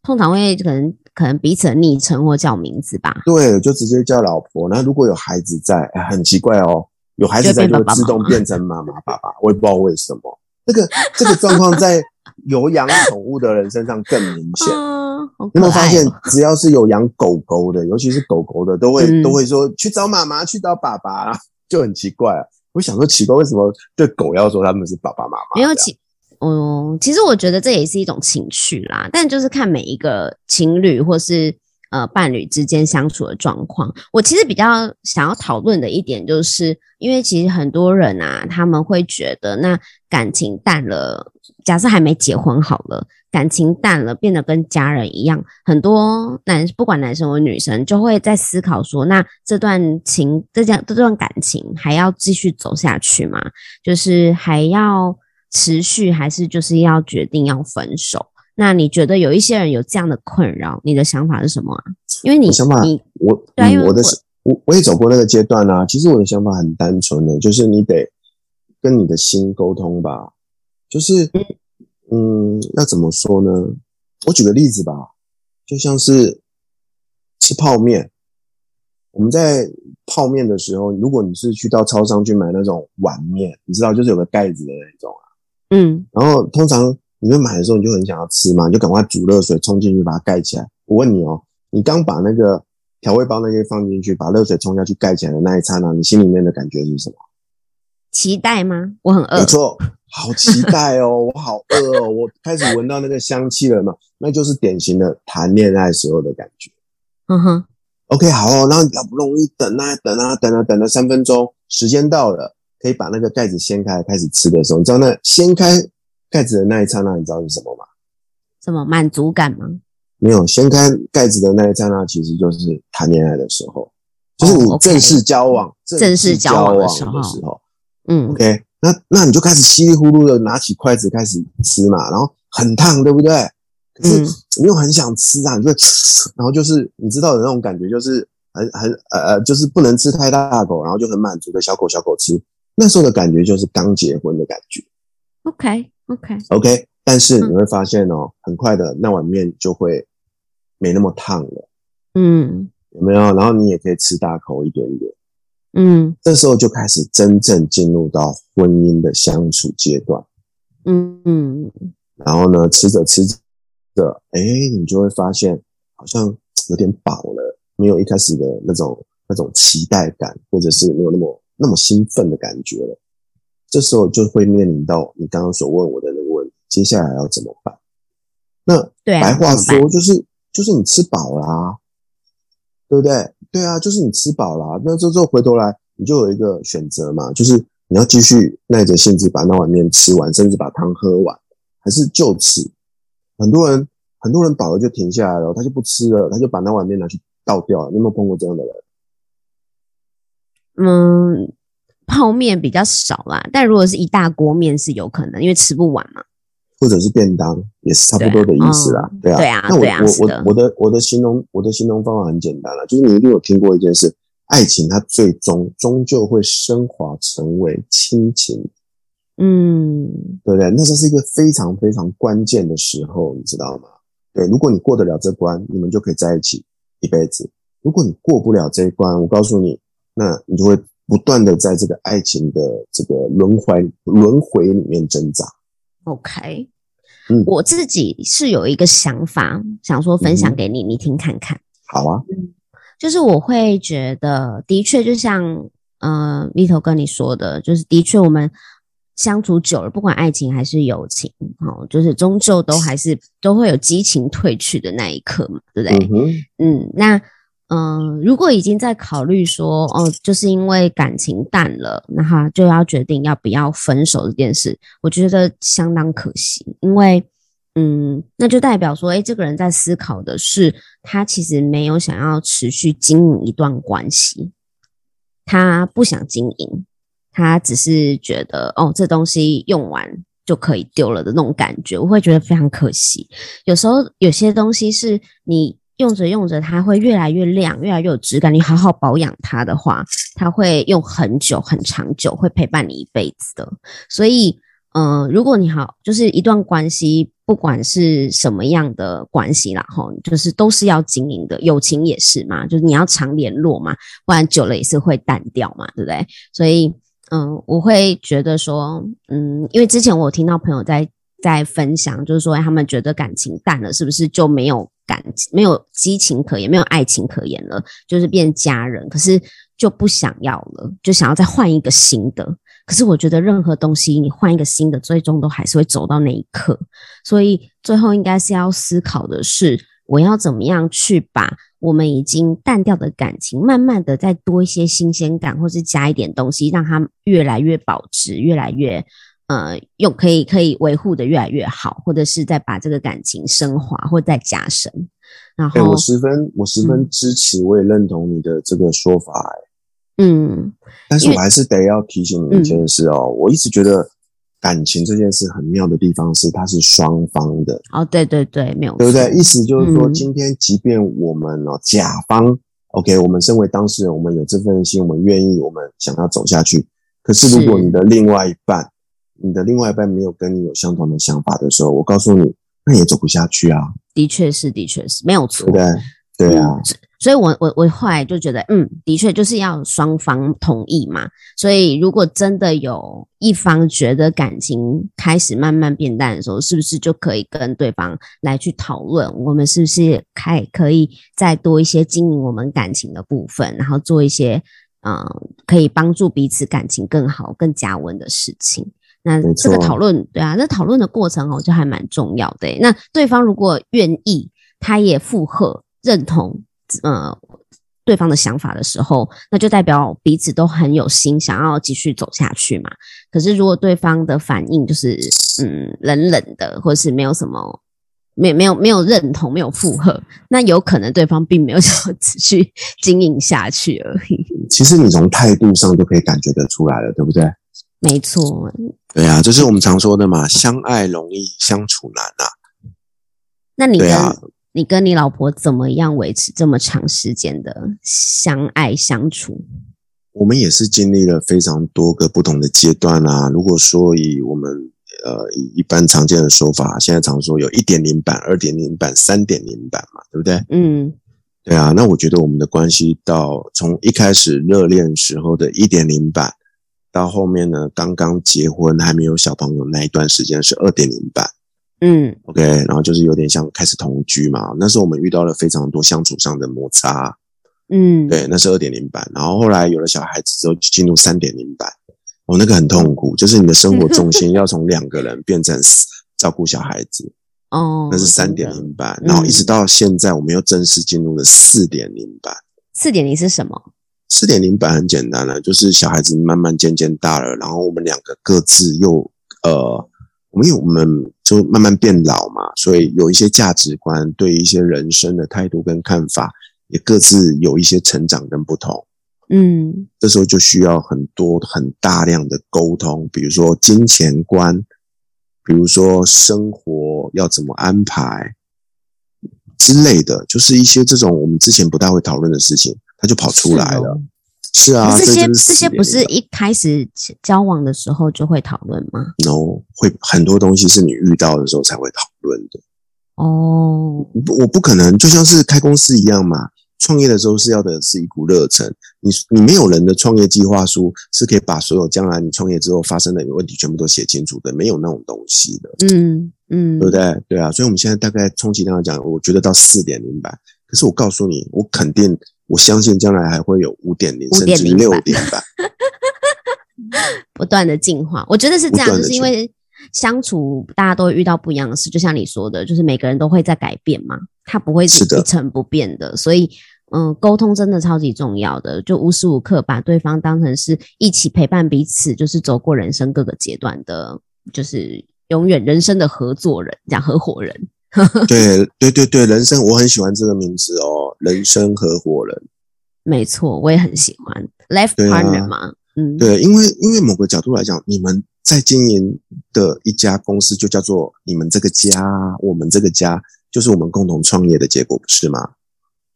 通常會可能可能彼此的昵稱或叫名字吧，對，就直接叫老婆。那如果有孩子在，欸，很奇怪哦，有孩子在就會自動變成媽媽爸爸，我也不知道為什麼。這個這個狀況在有養寵物的人身上更明顯。 (laughs) 啊哦，你有沒有發現，只要是有養狗狗的，尤其是狗狗的，都會，嗯、都會說去找媽媽，去找爸爸，啊，就很奇怪啊。我想說，奇怪為什麼對狗要說他們是爸爸媽媽？沒有奇怪。嗯，其實我覺得這也是一種情趣啦，但就是看每一個情侶或是呃伴侶之間相處的狀況。我其實比較想要討論的一點，就是因為其實很多人吶、啊，他們會覺得那感情淡了，假設還沒結婚好了，感情淡了，變得跟家人一樣，很多男不管男生或女生，就會在思考說，那這段情，這這段感情還要繼續走下去嗎？就是還要。持續還是就是要決定要分手？那你覺得有一些人有這樣的困擾，你的想法是什麼啊？因為你想法你我對你我的、嗯、我我也走過那個階段啊。其實我的想法很單純的就是你得跟你的心溝通吧。就是嗯，要怎麼說呢？我舉個例子吧，就像是吃泡面。我們在泡面的時候，如果你是去到超商去買那種碗麵，你知道，就是有個蓋子的那種。嗯，然後通常你們買的時候你就很想要吃嘛，你就趕快煮熱水衝進去，把它蓋起來。我問你哦，你剛把那個調味包那些放進去，把熱水衝下去蓋起來的那一剎那，你心裡面的感覺是什麼？期待嗎？我很餓。沒錯，好期待哦， (laughs) 我好餓哦，我開始聞到那個香氣了嘛，那就是典型的談戀愛時候的感覺。嗯哼，OK，好哦，那要不容易等啊，等啊，等啊，等了，等了三分鐘，時間到了。可以把那個蓋子掀開，開始吃的時候，你知道那掀開蓋子的那一剎那，你知道是什麼嗎？什麼滿足感嗎？沒有，掀開蓋子的那一剎那，其實就是談戀愛的時候，就是你正式交往、正式交往的時候。嗯，OK，那那你就開始稀裡呼嚕的拿起筷子開始吃嘛，然後很燙，對不對？可是你又很想吃啊，你就然後就是你知道的那種感覺，就是很很呃呃，就是不能吃太大口，然後就很滿足的小口小口吃。那時候的感覺就是剛結婚的感覺，OK OK OK，但是你會發現哦、喔，嗯、很快的那碗麵就會沒那麼燙了，嗯，有沒有？然後你也可以吃大口一點點，嗯，這時候就開始真正進入到婚姻的相處階段，嗯嗯，然後呢，吃着吃着，哎、欸，你就會發現好像有點飽了，沒有一開始的那種那種期待感，或者是沒有那麼，那麼興奮的感覺了，這時候就會面臨到你剛剛所問我的那個問題，接下來要怎麼辦？那對、啊、白話說就是，就是你吃飽啦、啊，對不對？對啊，就是你吃飽啦、啊，那這時候回頭來，你就有一個選擇嘛，就是你要繼續耐着性子把那碗麵吃完，甚至把湯喝完，還是就此？很多人，很多人飽了就停下來了，他就不吃了，他就把那碗麵拿去倒掉了。你有沒有碰過這樣的人？嗯，泡麵比較少啦，但如果是一大鍋麵是有可能，因為吃不完嘛。或者是便當也是差不多的意思啦，對，嗯、對啊。對啊。那我對、啊、我的我的我的形容我的形容方法很簡單啦，就是你一定有聽過一件事，愛情它最終終究會升華成為親情，嗯，對不對？那這是一個非常非常關鍵的時候，你知道嗎？對，如果你過得了這關，你們就可以在一起一輩子；如果你過不了這一關，我告訴你。那你就會不斷的在這個愛情的這個輪迴輪迴裡面掙扎。OK，嗯，我自己是有一個想法，想說分享給你，嗯哼，你聽看看。好啊，就是我會覺得，的確，就像呃 Vito 跟你說的，就是的確，我們相處久了，不管愛情還是友情，好、哦，就是終究都還是都會有激情褪去的那一刻嘛，對不對？嗯哼，嗯，那。嗯、呃，如果已經在考慮說，哦，就是因為感情淡了，那他就要決定要不要分手這件事，我覺得相當可惜，因為，嗯，那就代表說，誒，這個人在思考的是，他其實沒有想要持續經營一段關係，他不想經營，他只是覺得，哦，這東西用完就可以丟了的那種感覺，我會覺得非常可惜。有時候有些東西是你。用着用着，它會越來越亮，越來越有質感。你好好保養它的話，它會用很久、很長久，會陪伴你一輩子的。所以，嗯、呃，如果你好，就是一段關係，不管是什麼樣的關係啦，吼，就是都是要經營的，友情也是嘛，就是你要常聯絡嘛，不然久了也是會淡掉嘛，對不對？所以，嗯、呃，我會覺得說，嗯，因為之前我有聽到朋友在在分享，就是說、哎、他們覺得感情淡了，是不是就沒有？感情沒有激情可言，沒有愛情可言了，就是變家人。可是就不想要了，就想要再換一個新的。可是我覺得任何東西你換一個新的，最終都還是會走到那一刻。所以最後應該是要思考的是，我要怎麼樣去把我們已經淡掉的感情，慢慢的再多一些新鮮感，或是加一點東西，讓它越來越保值，越來越。呃，又可以可以維護的越來越好，或者是再把這個感情升華或再加深。然後、欸、我十分我十分支持，嗯、我也認同你的這個說法、欸。嗯，但是我還是得要提醒你一件事哦、喔。嗯、我一直覺得感情這件事很妙的地方是，它是雙方的。哦，對對對，沒有對不對？意思就是說，今天即便我們哦、喔，嗯、甲方，OK，我們身為當事人，我們有這份心，我們願意，我們想要走下去。可是如果你的另外一半，你的另外一半沒有跟你有相同的想法的時候，我告訴你，那也走不下去啊。的確是，的確是，沒有錯。對，對，對啊。嗯、所以我我我後來就覺得，嗯，的確就是要雙方同意嘛。所以如果真的有一方覺得感情開始慢慢變淡的時候，是不是就可以跟對方來去討論，我們是不是開可以再多一些經營我們感情的部分，然後做一些嗯、呃、可以幫助彼此感情更好、更加溫的事情。那這個討論對啊，那討論的過程哦，就還蠻重要的欸。那對方如果願意，他也附和認同，呃，對方的想法的時候，那就代表彼此都很有心，想要繼續走下去嘛。可是如果對方的反應就是嗯，冷冷的，或是沒有什麼，沒沒有沒有認同，沒有附和，那有可能對方並沒有想要持續經營下去而已。其實你從態度上就可以感覺得出來了，對不對？沒錯。對啊，就是我們常說的嘛，相愛容易相處難啊。那你跟，啊、你跟你老婆怎麼樣維持這麼長時間的相愛相處？我們也是經歷了非常多個不同的階段啊。如果說以我們呃一般常見的說法，現在常說有一點零版、二點零版、三點零版嘛，對不對？嗯，對啊。那我覺得我們的關係到從一開始熱戀時候的一點零版。到後面呢，剛剛結婚還沒有小朋友那一段時間是二點零版，嗯，OK，然後就是有點像開始同居嘛，那時候我們遇到了非常多相處上的摩擦，嗯，對，那是二點零版，然後後來有了小孩子之後就進入三點零版，哦，那個很痛苦，就是你的生活重心要從兩個人變成 (laughs) 照顧小孩子，哦，那是三點零版，嗯，然後一直到現在，我們又正式進入了四點零版，四點零是什麼？四點零版很簡單了，就是小孩子慢慢漸漸大了，然後我們兩個各自又呃，我們因為我們就慢慢變老嘛，所以有一些價值觀、對於一些人生的態度跟看法，也各自有一些成長跟不同。嗯，這時候就需要很多很大量的溝通，比如說金錢觀，比如說生活要怎麼安排之類的，就是一些這種我們之前不太會討論的事情。他就跑出來了，是，的是啊，這些這些不是一開始交往的時候就會討論嗎？No，會很多東西是你遇到的時候才會討論的。哦、oh，我不可能，就像是開公司一樣嘛，創業的時候是要的是一股熱忱。你你沒有人的創業計劃書，是可以把所有將來你創業之後發生的一個問題全部都寫清楚的，沒有那種東西的。嗯嗯，嗯對不對？對啊，所以我們現在大概充其量講，我覺得到四點零版。可是我告訴你，我肯定。我相信將來還會有五點零，甚至六點版，不斷的進化。我覺得是這樣，就是因為相處，大家都會遇到不一樣的事，就像你說的，就是每個人都會在改變嘛，它不會是一成不變的。的所以，嗯，溝通真的超級重要的，就無時無刻把對方當成是一起陪伴彼此，就是走過人生各個階段的，就是永遠人生的合作人，這樣合夥人。嗯 (laughs) 對對對對，人生我很喜歡這個名字哦，人生合夥人。沒錯，我也很喜歡 Life partner 嘛、啊、嗯，對，因為因為某個角度來講，你們在經營的一家公司就叫做你們這個家，我們這個家就是我們共同創業的結果，不是嗎？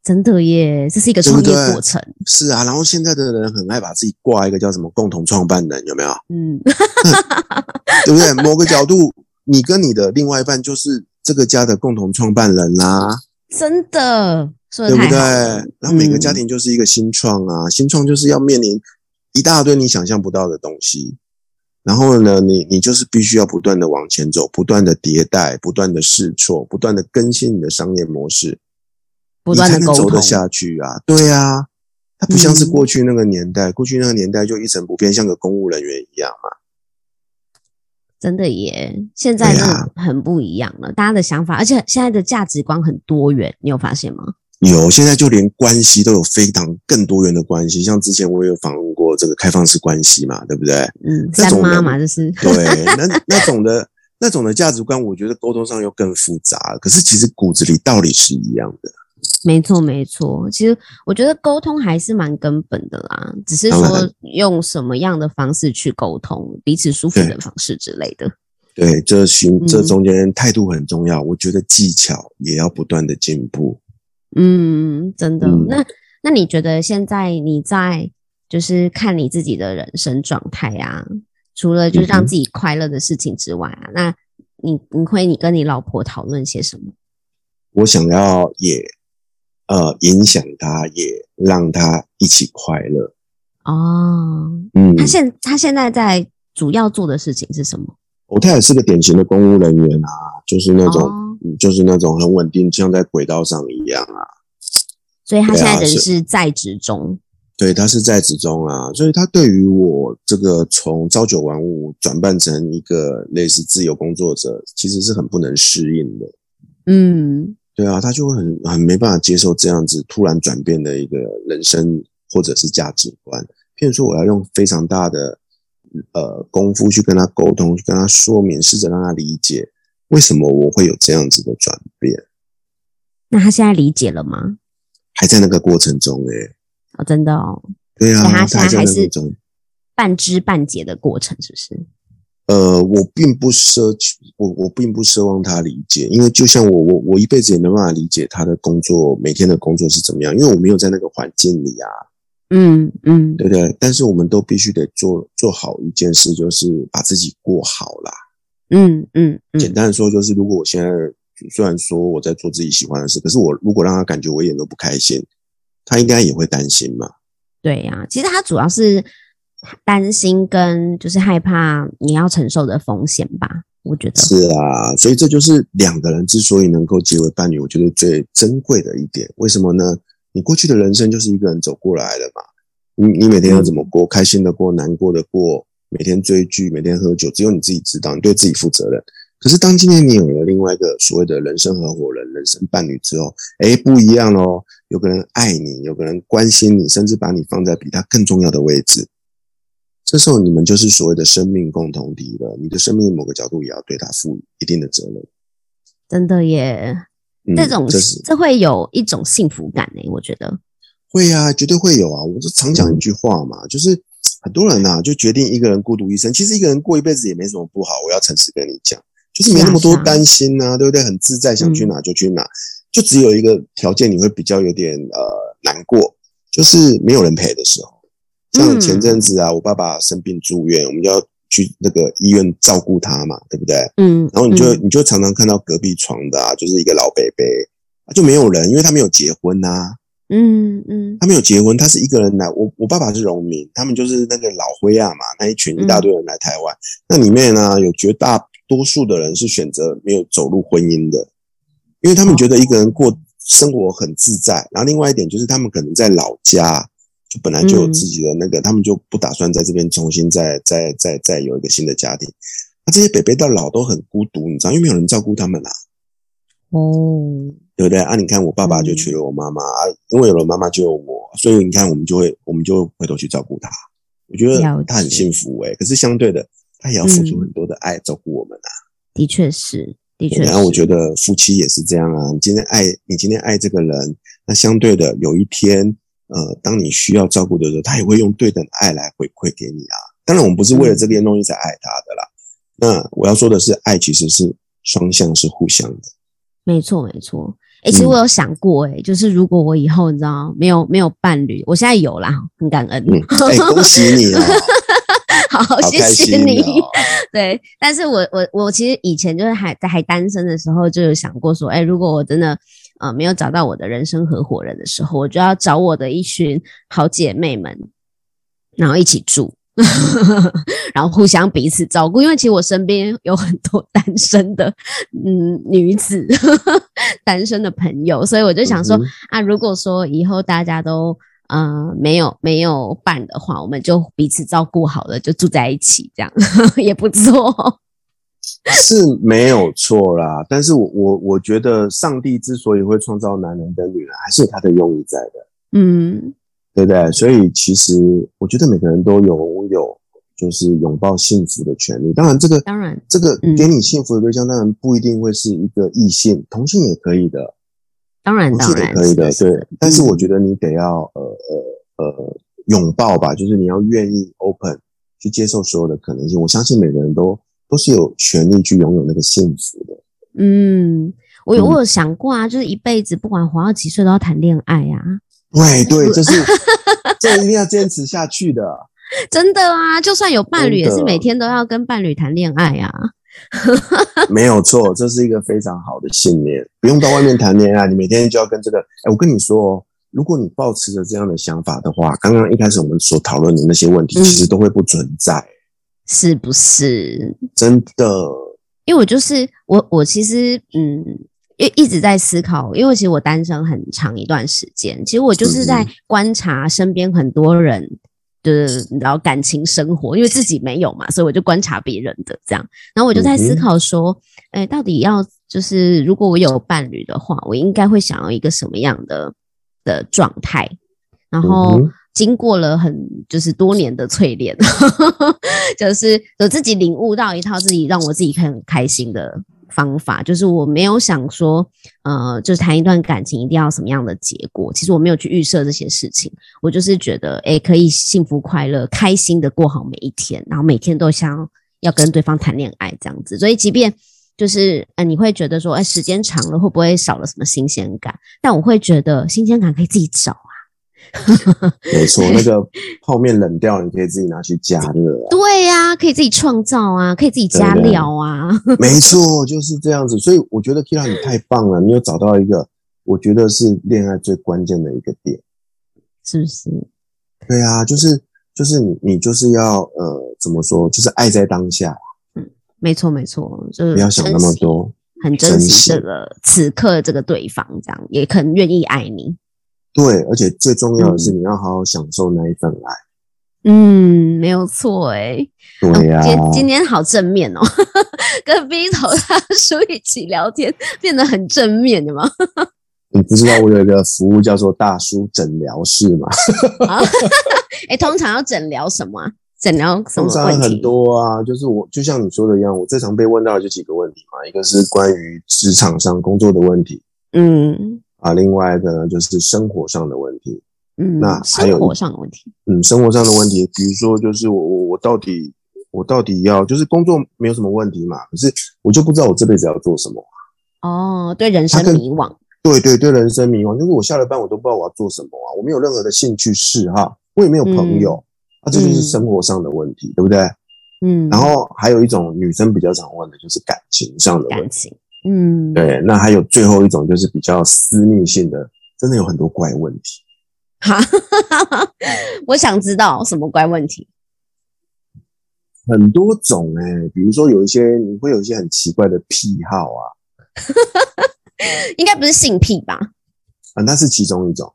真的耶，這是一個創業過程對對。是啊，然後現在的人很愛把自己掛一個叫什麼共同創辦人，有沒有？嗯， (laughs) 對不對？某個角度，你跟你的另外一半就是。這個家的共同創辦人啦、啊，真的，對不對？嗯、然後每個家庭就是一個新創啊，嗯、新創就是要面臨一大堆你想象不到的東西，然後呢，你你就是必須要不斷的往前走，不斷的迭代，不斷的試錯，不斷的更新你的商業模式，不斷的你才能走得下去啊。對啊，它不像是過去那個年代，嗯、過去那個年代就一成不變，像個公務人員一樣啊。真的耶，現在呢，很不一樣了，哎、呀大家的想法，而且現在的價值觀很多元，你有發現嗎？有，現在就連關係都有非常更多元的關係，像之前我也有訪問過這個開放式關係嘛，對不對？嗯，三媽嘛，就是。對，那那種的 (laughs) 那種的價值觀，我覺得溝通上又更複雜，可是其實骨子裡道理是一樣的。沒錯，沒錯。其實我覺得溝通還是蠻根本的啦，只是說用什麼樣的方式去溝通，然彼此舒服的方式之類的。對，這行這中間態度很重要，嗯、我覺得技巧也要不斷的進步。嗯，真的。嗯、那那你覺得現在你在就是看你自己的人生狀態啊，除了就是讓自己快樂的事情之外啊，那你你會你跟你老婆討論些什麼？我想要也，呃，影響他也，也讓他一起快樂。哦，嗯，他現他現在在主要做的事情是什麼？我太太是個典型的公務人員啊，就是那種，哦嗯、就是那種很穩定，像在軌道上一樣啊。所以他現在人是在職中，對，他是在職中啊。所以他對於我這個從朝九晚五轉變成一個類似自由工作者，其實是很不能適應的。嗯。對啊，他就會很很沒辦法接受這樣子突然轉變的一個人生或者是價值觀。譬如說，我要用非常大的呃功夫去跟他溝通，去跟他說明，試着讓他理解為什麼我會有這樣子的轉變。那他現在理解了嗎？還在那個過程中耶、欸。哦，真的哦。對啊，他，他在現在還是半知半解的過程，是不是？呃，我並不奢求我，我並不奢望他理解，因為就像我，我，我一輩子也沒辦法理解他的工作，每天的工作是怎麼樣，因為我沒有在那個環境裡啊，嗯嗯，嗯，對不對，對？但是我們都必須得做做好一件事，就是把自己過好啦。嗯嗯。嗯嗯，簡單的說，就是如果我現在雖然說我在做自己喜歡的事，可是我如果讓他感覺我一點都不開心，他應該也會擔心嘛。對呀，啊，其實他主要是。擔心跟就是害怕你要承受的風險吧，我覺得。是啊，所以這就是兩個人之所以能夠結為伴侶，我覺得最珍貴的一點。為什麼呢？你過去的人生就是一個人走過來了嘛，你你每天要怎麼過，嗯、開心的過，難過的過，每天追劇，每天喝酒，只有你自己知道，你對自己負責任。可是當今天你有了另外一個所謂的人生合夥人、人生伴侶之後，誒，不一樣咯。有個人愛你，有個人關心你，甚至把你放在比他更重要的位置。這時候你們就是所謂的生命共同體了，你的生命某個角度也要對他負一定的責任。真的耶，嗯、這種這,是這會有一種幸福感呢、欸，我覺得。會啊，絕對會有啊。我就常講一句話嘛，就是很多人吶、啊，就決定一個人孤獨一生。其實一個人過一輩子也沒什麼不好，我要誠實跟你講，就是沒那麼多擔心吶、啊，啊、對不對？很自在，想去哪就去哪。嗯、就只有一個條件，你會比較有點呃難過，就是沒有人陪的時候。像前陣子啊，我爸爸生病住院，嗯、我們就要去那個醫院照顧他嘛，對不對？嗯。然後你就、嗯、你就常常看到隔壁床的啊，就是一個老伯伯，就沒有人，因為他沒有結婚吶、啊嗯。嗯嗯。他沒有結婚，他是一個人來。我我爸爸是榮民，他們就是那個老灰啊嘛，那一群一大堆人來台灣，嗯、那裡面呢有絕大多數的人是選擇沒有走入婚姻的，因為他們覺得一個人過生活很自在。哦、然後另外一點就是他們可能在老家。本來就有自己的那個，嗯、他們就不打算在這邊重新再、再、嗯、再、再有一個新的家庭。那、啊、這些北北到老都很孤獨，你知道，因為沒有人照顧他們啊。哦，對不對？啊，你看我爸爸就娶了我媽媽啊，嗯、因為有了媽媽就有我，所以你看我們就會，我們就回頭去照顧他。我覺得他很幸福哎、欸，了解。可是相對的，他也要付出很多的愛照顧我們啊。嗯、的確是，的確是。然後我覺得夫妻也是這樣啊，你今天愛，你今天愛這個人，那相對的有一天。呃，當你需要照顧的時候，他也會用對等的愛來回饋給你啊。當然，我們不是為了這件東西才愛他的啦。嗯、那我要說的是，愛其實是雙向，是互相的。沒錯，沒錯。哎、欸，其實我有想過、欸，哎、嗯，就是如果我以後你知道沒有沒有伴侶，我現在有啦，很感恩。嗯、欸，恭喜你、喔。 (laughs) 好，好喔、謝謝你。對，但是我我我其實以前就是還還單身的時候，就有想過說，哎、欸，如果我真的。啊，沒有找到我的人生合夥人的時候，我就要找我的一群好姐妹們，然後一起住，呵呵然後互相彼此照顧。因為其實我身邊有很多單身的嗯女子，單身的朋友，所以我就想說，嗯，啊，如果說以後大家都呃沒有沒有伴的話，我們就彼此照顧好了，就住在一起，這樣呵呵也不錯。 (laughs) 是沒有錯啦，但是我我我覺得上帝之所以會創造男人跟女人，還是有他的用意在的，嗯,嗯，對不對？所以其實我覺得每個人都擁有,有就是擁抱幸福的權利。當然，這個當然這個給你幸福的對象，嗯、當然不一定會是一個異性，同性也可以的，當然當然同性也可以的，對。是但是我覺得你得要呃呃呃擁抱吧，就是你要願意 open 去接受所有的可能性。我相信每個人都。都是有權利去擁有那個幸福的。嗯，我有我有想過啊，就是一輩子不管活到幾歲都要談戀愛呀、啊。對對，這是 (laughs) 這一定要堅持下去的。真的啊，就算有伴侶，的也是每天都要跟伴侶談戀愛呀、啊。 (laughs) 沒有錯，這是一個非常好的信念。不用到外面談戀愛，你每天就要跟這個。哎、欸，我跟你說哦，如果你抱持着這樣的想法的話，剛剛一開始我們所討論的那些問題，嗯、其實都會不存在。是不是真的？因為我就是我，我其實嗯，一一直在思考，因為其實我單身很長一段時間，其實我就是在觀察身邊很多人的然後感情生活，因為自己沒有嘛，所以我就觀察別人的這樣，然後我就在思考說，哎，到底要就是如果我有伴侶的話，我應該會想要一個什麼樣的的狀態，然後。經過了很就是多年的淬煉呵呵，就是有自己領悟到一套自己讓我自己很開心的方法。就是我沒有想說，呃，就是談一段感情一定要有什麼樣的結果。其實我沒有去預設這些事情，我就是覺得，哎，可以幸福、快樂、開心的過好每一天，然後每天都想要要跟對方談戀愛這樣子。所以，即便就是，嗯、呃，你會覺得說，哎，時間長了會不會少了什麼新鮮感？但我會覺得新鮮感可以自己找。 (laughs) 沒錯，那個泡麵冷掉， (laughs) 你可以自己拿去加熱啊。對呀，啊，可以自己創造啊，可以自己加料啊。沒錯，就是這樣子。所以我覺得 Keira 你太棒了，你有找到一個我覺得是戀愛最關鍵的一個點，是不是？對啊，就是就是你你就是要呃怎麼說，就是愛在當下。嗯，沒錯沒錯，就是不要想那麼多，很珍惜這個此刻這個對方，這樣也可能願意愛你。對，而且最重要的是，你要好好享受那一份愛。嗯，嗯，沒有錯哎、欸。對呀、啊，今、哦、今天好正面哦， (laughs) 跟 Vito 大叔一起聊天，變得很正面，的嗎？你不知道我有一個服務叫做大叔診療室嗎？哎、 (laughs) 哦 (laughs) 欸，通常要診療什麼？診療什麼問題？通常很多啊，就是我就像你說的一樣，我最常被問到的就幾個問題嘛，一個是關於職場上工作的問題。嗯。啊，另外一個呢，就是生活上的問題。嗯，那還有生活上的問題。嗯，生活上的問題，比如說，就是我我我到底我到底要，就是工作沒有什麼問題嘛，可是我就不知道我這輩子要做什麼、啊。哦，對，人生迷惘。對對對，人生迷惘，就是我下了班我都不知道我要做什麼啊，我沒有任何的興趣事哈、啊，我也沒有朋友、嗯、啊，這就，就是生活上的問題，嗯、對不對？嗯。然後還有一種女生比較常問的就是感情上的問題。感情嗯，對，那還有最後一種就是比較私密性的，真的有很多怪問題。哈 (laughs) 我想知道什麼怪問題？很多種哎、欸，比如說有一些你會有一些很奇怪的癖好啊， (laughs) 應該不是性癖吧、嗯？啊，那是其中一種。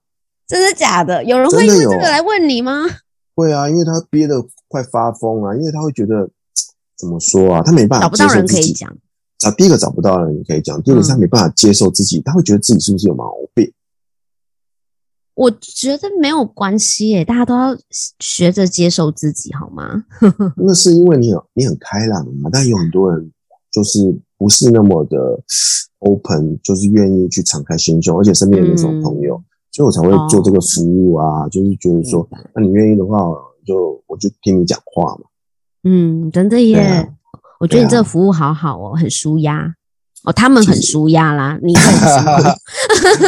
真是假的？有人會用這個來問你嗎？會啊，因為他憋得快發瘋了、啊，因為他會覺得怎麼說啊，他沒辦法，找不到人可以講。找第一個找不到的人，你可以講，第二個，他沒辦法接受自己，嗯、他會覺得自己是不是有毛病？我覺得沒有關係耶、欸，大家都要學着接受自己，好嗎？ (laughs) 那是因為你很你很開朗嘛，但有很多人就是不是那麼的 open，就是願意去敞開心胸，而且身邊有這種朋友，嗯、所以我才會做這個服務啊，哦、就是覺得說，那、嗯啊、你願意的話，就我就聽你講話嘛。嗯，真的耶。我覺得你這個服務好好哦很舒壓哦，他們很舒壓啦，你很舒壓？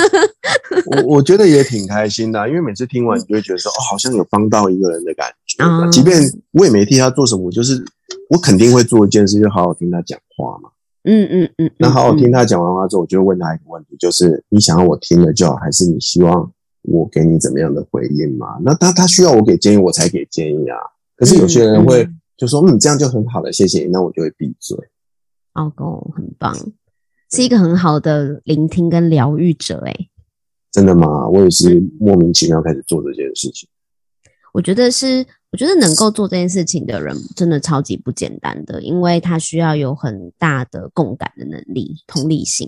(laughs) 我我覺得也挺開心的、啊，因為每次聽完，你就會覺得說，哦，好像有幫到一個人的感覺、啊。嗯。即便我也沒替他做什麼，就是我肯定會做一件事，就好好聽他講話嘛。嗯嗯嗯。嗯嗯嗯，那好好聽他講完話之後，我就問他一個問題，就是你想要我聽了就好，還是你希望我給你怎麼樣的回應嘛？那他他需要我給建議，我才給建議啊。可是有些人會。嗯嗯就說嗯，這樣就很好了，謝謝你。那我就會閉嘴。阿公、oh、很棒，是一個很好的聆聽跟療癒者、欸。哎，真的嗎？我也是莫名其妙開始做這件事情。我覺得是。我覺得能夠做這件事情的人真的超級不簡單的，因為他需要有很大的共感的能力、同理心，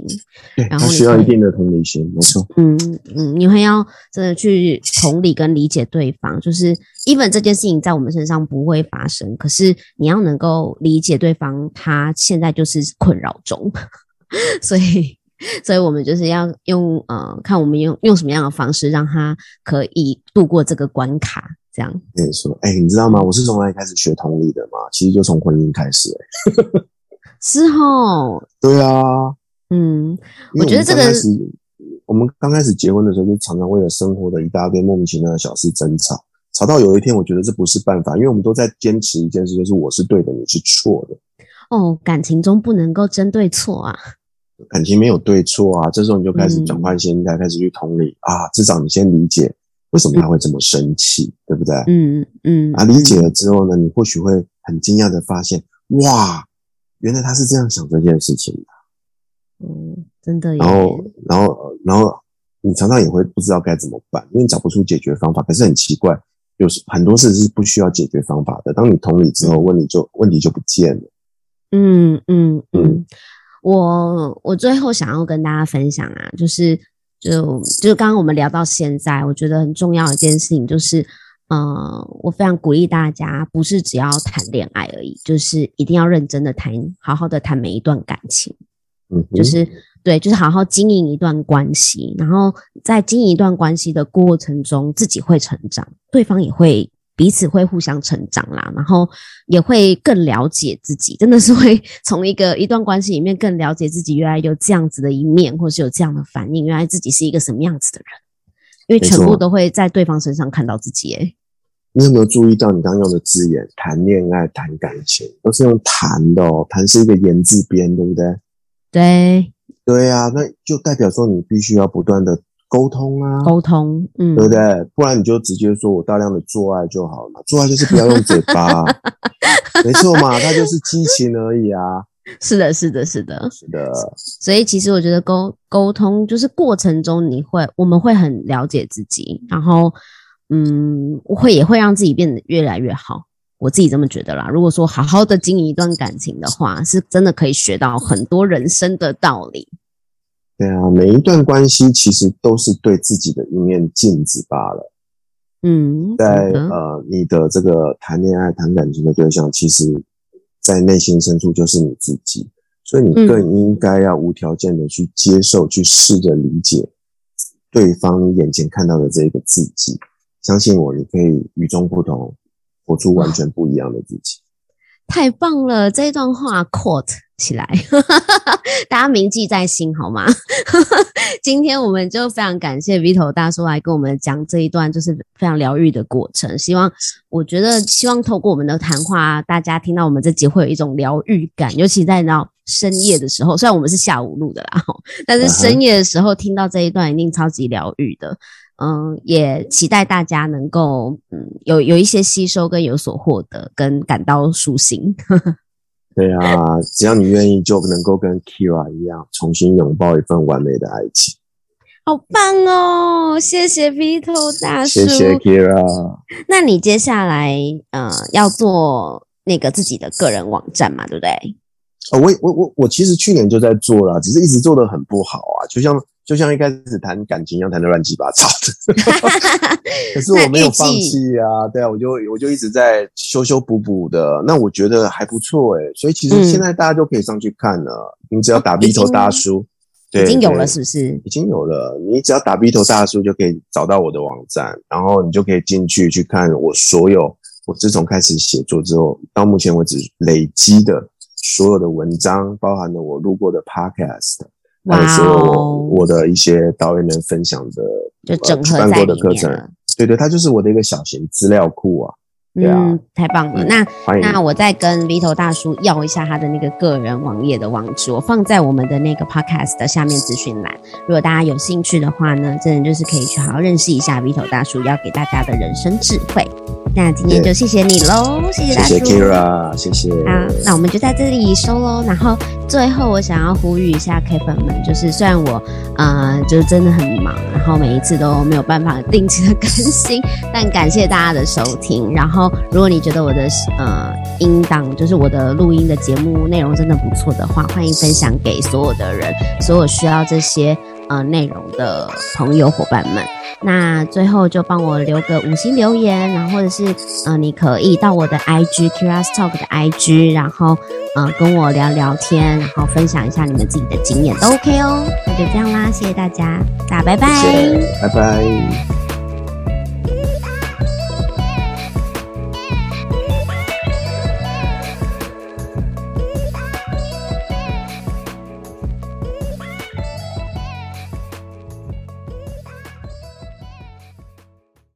對然後他需要一定的同理心，沒錯。嗯嗯，你會要真的去同理跟理解對方，就是 even 這件事情在我們身上不會發生，可是你要能夠理解對方，他現在就是困擾中， (laughs) 所以，所以我們就是要用呃，看我們用用什麼樣的方式讓他可以度過這個關卡。這樣跟你說，哎、欸，你知道嗎？我是從哪裡開始學同理的嘛？其實就從婚姻開始、欸，哎 (laughs) 厚，是哈，對啊，嗯，我,我覺得這個我們剛開始結婚的時候，就常常為了生活的一大堆莫名其妙的小事爭吵，吵到有一天，我覺得這不是辦法，因為我們都在堅持一件事，就是我是對的，你是錯的。哦，感情中不能夠針對錯啊，感情沒有對錯啊，這時候你就開始轉換心態，嗯、開始去同理啊，至少你先理解。為什麼他會這麼生氣？嗯、對不對？嗯嗯啊，理解了之後呢，嗯、你或許會很驚訝的發現，哇，原來他是這樣想這件事情的、啊。嗯，真的。然後，然後，然後，你常常也會不知道該怎麼辦，因為你找不出解決方法。可是很奇怪，有、就是、很多事是不需要解決方法的。當你同理之後，問題就問題就不見了。嗯嗯嗯，嗯嗯我我最後想要跟大家分享啊，就是。就就剛剛我們聊到現在，我覺得很重要一件事情就是，嗯、呃，我非常鼓勵大家，不是只要談戀愛而已，就是一定要認真的談，好好的談每一段感情，嗯哼，就是對，就是好好經營一段關係，然後在經營一段關係的過程中，自己會成長，對方也會。彼此會互相成長啦，然後也會更了解自己，真的是會從一個一段關係裡面更了解自己，原來有這樣子的一面，或是有這樣的反應，原來自己是一個什麼樣子的人，因為全部都會在對方身上看到自己，欸。誒，你有沒有注意到你剛剛用的字眼，談戀愛、談感情都是用談的哦，談是一個言字邊，對不對？對，對啊，那就代表說你必須要不斷的。溝通啊，溝通，嗯，對不對？不然你就直接說我大量的做愛就好了，做愛就是不要用嘴巴啊， (laughs) 沒錯嘛，它就是激情而已啊。是的，是的，是的，是的。所以其實我覺得溝溝通就是過程中，你會我們會很了解自己，然後嗯，我會也會讓自己變得越來越好。我自己這麼覺得啦。如果說好好的經營一段感情的話，是真的可以學到很多人生的道理。對啊，每一段關係其實都是對自己的一面鏡子罷了。嗯，在但、嗯、呃，你的這個談戀愛、談感情的對象，其實，在內心深處就是你自己。所以你更應該要無條件的去接受、嗯、去試着理解對方眼前看到的這個自己。相信我，你可以與眾不同，活出完全不一樣的自己。太棒了，這一段話 quote。Court. 起來，呵呵，大家銘記在心好嗎呵呵？今天我們就非常感謝 Vito 大叔來跟我們講這一段，就是非常療癒的過程。希望我覺得，希望透過我們的談話，大家聽到我們這集會有一種療癒感，尤其在到深夜的時候，雖然我們是下午錄的啦，但是深夜的時候聽到這一段，一定超級療癒的。嗯，也期待大家能夠嗯有有一些吸收跟有所獲得，跟感到舒心。呵呵對啊，只要你願意，就能夠跟 Keira 一樣，重新擁抱一份完美的愛情。好棒哦！謝謝 Vito 大叔，謝謝 Keira。那你接下來呃，要做那個自己的個人網站嘛？對不對？啊、哦，我我我我其實去年就在做了，只是一直做得很不好啊，就像，就像一開始談感情一樣，談得亂七八糟的。 (laughs) 可是我沒有放棄啊，對啊，我就我就一直在修修補補的。那我覺得還不錯誒、欸、所以其實現在大家就可以上去看了，嗯、你只要打 Vito 大叔，已經，對，對，對，已經有了是不是？已經有了，你只要打 Vito 大叔就可以找到我的網站，然後你就可以進去去看我所有我自從開始寫作之後到目前為止累積的所有的文章，包含了我錄過的 Podcast。或者說，哦、我的一些導演們分享的、就整合在裡面、呃、的課程，對，對對，他就是我的一個小型資料庫啊。對啊嗯，太棒了！嗯、那迎那我再跟 Vito 大叔要一下他的那個個人網頁的網址，我放在我們的那個 Podcast 的下面資訊欄。如果大家有興趣的話呢，真的就是可以去好好認識一下 Vito 大叔要給大家的人生智慧。那今天就謝謝你嘍，對謝謝大家謝謝 Kira，謝謝。啊，那我們就在這裡收嘍，然後。最後，我想要呼籲一下 K 粉們，就是雖然我，呃，就是真的很忙，然後每一次都沒有辦法定期的更新，但感謝大家的收聽。然後，如果你覺得我的，呃，音檔，就是我的錄音的節目內容真的不錯的話，歡迎分享給所有的人，所有需要這些。呃，內容的朋友夥伴們，那最後就幫我留個五星留言，然後或者是呃，你可以到我的 IG Keira's Talk 的 IG，然後呃，跟我聊聊天，然後分享一下你們自己的經驗都 OK 哦。那就這樣啦，謝謝大家，大家拜拜謝謝，拜拜。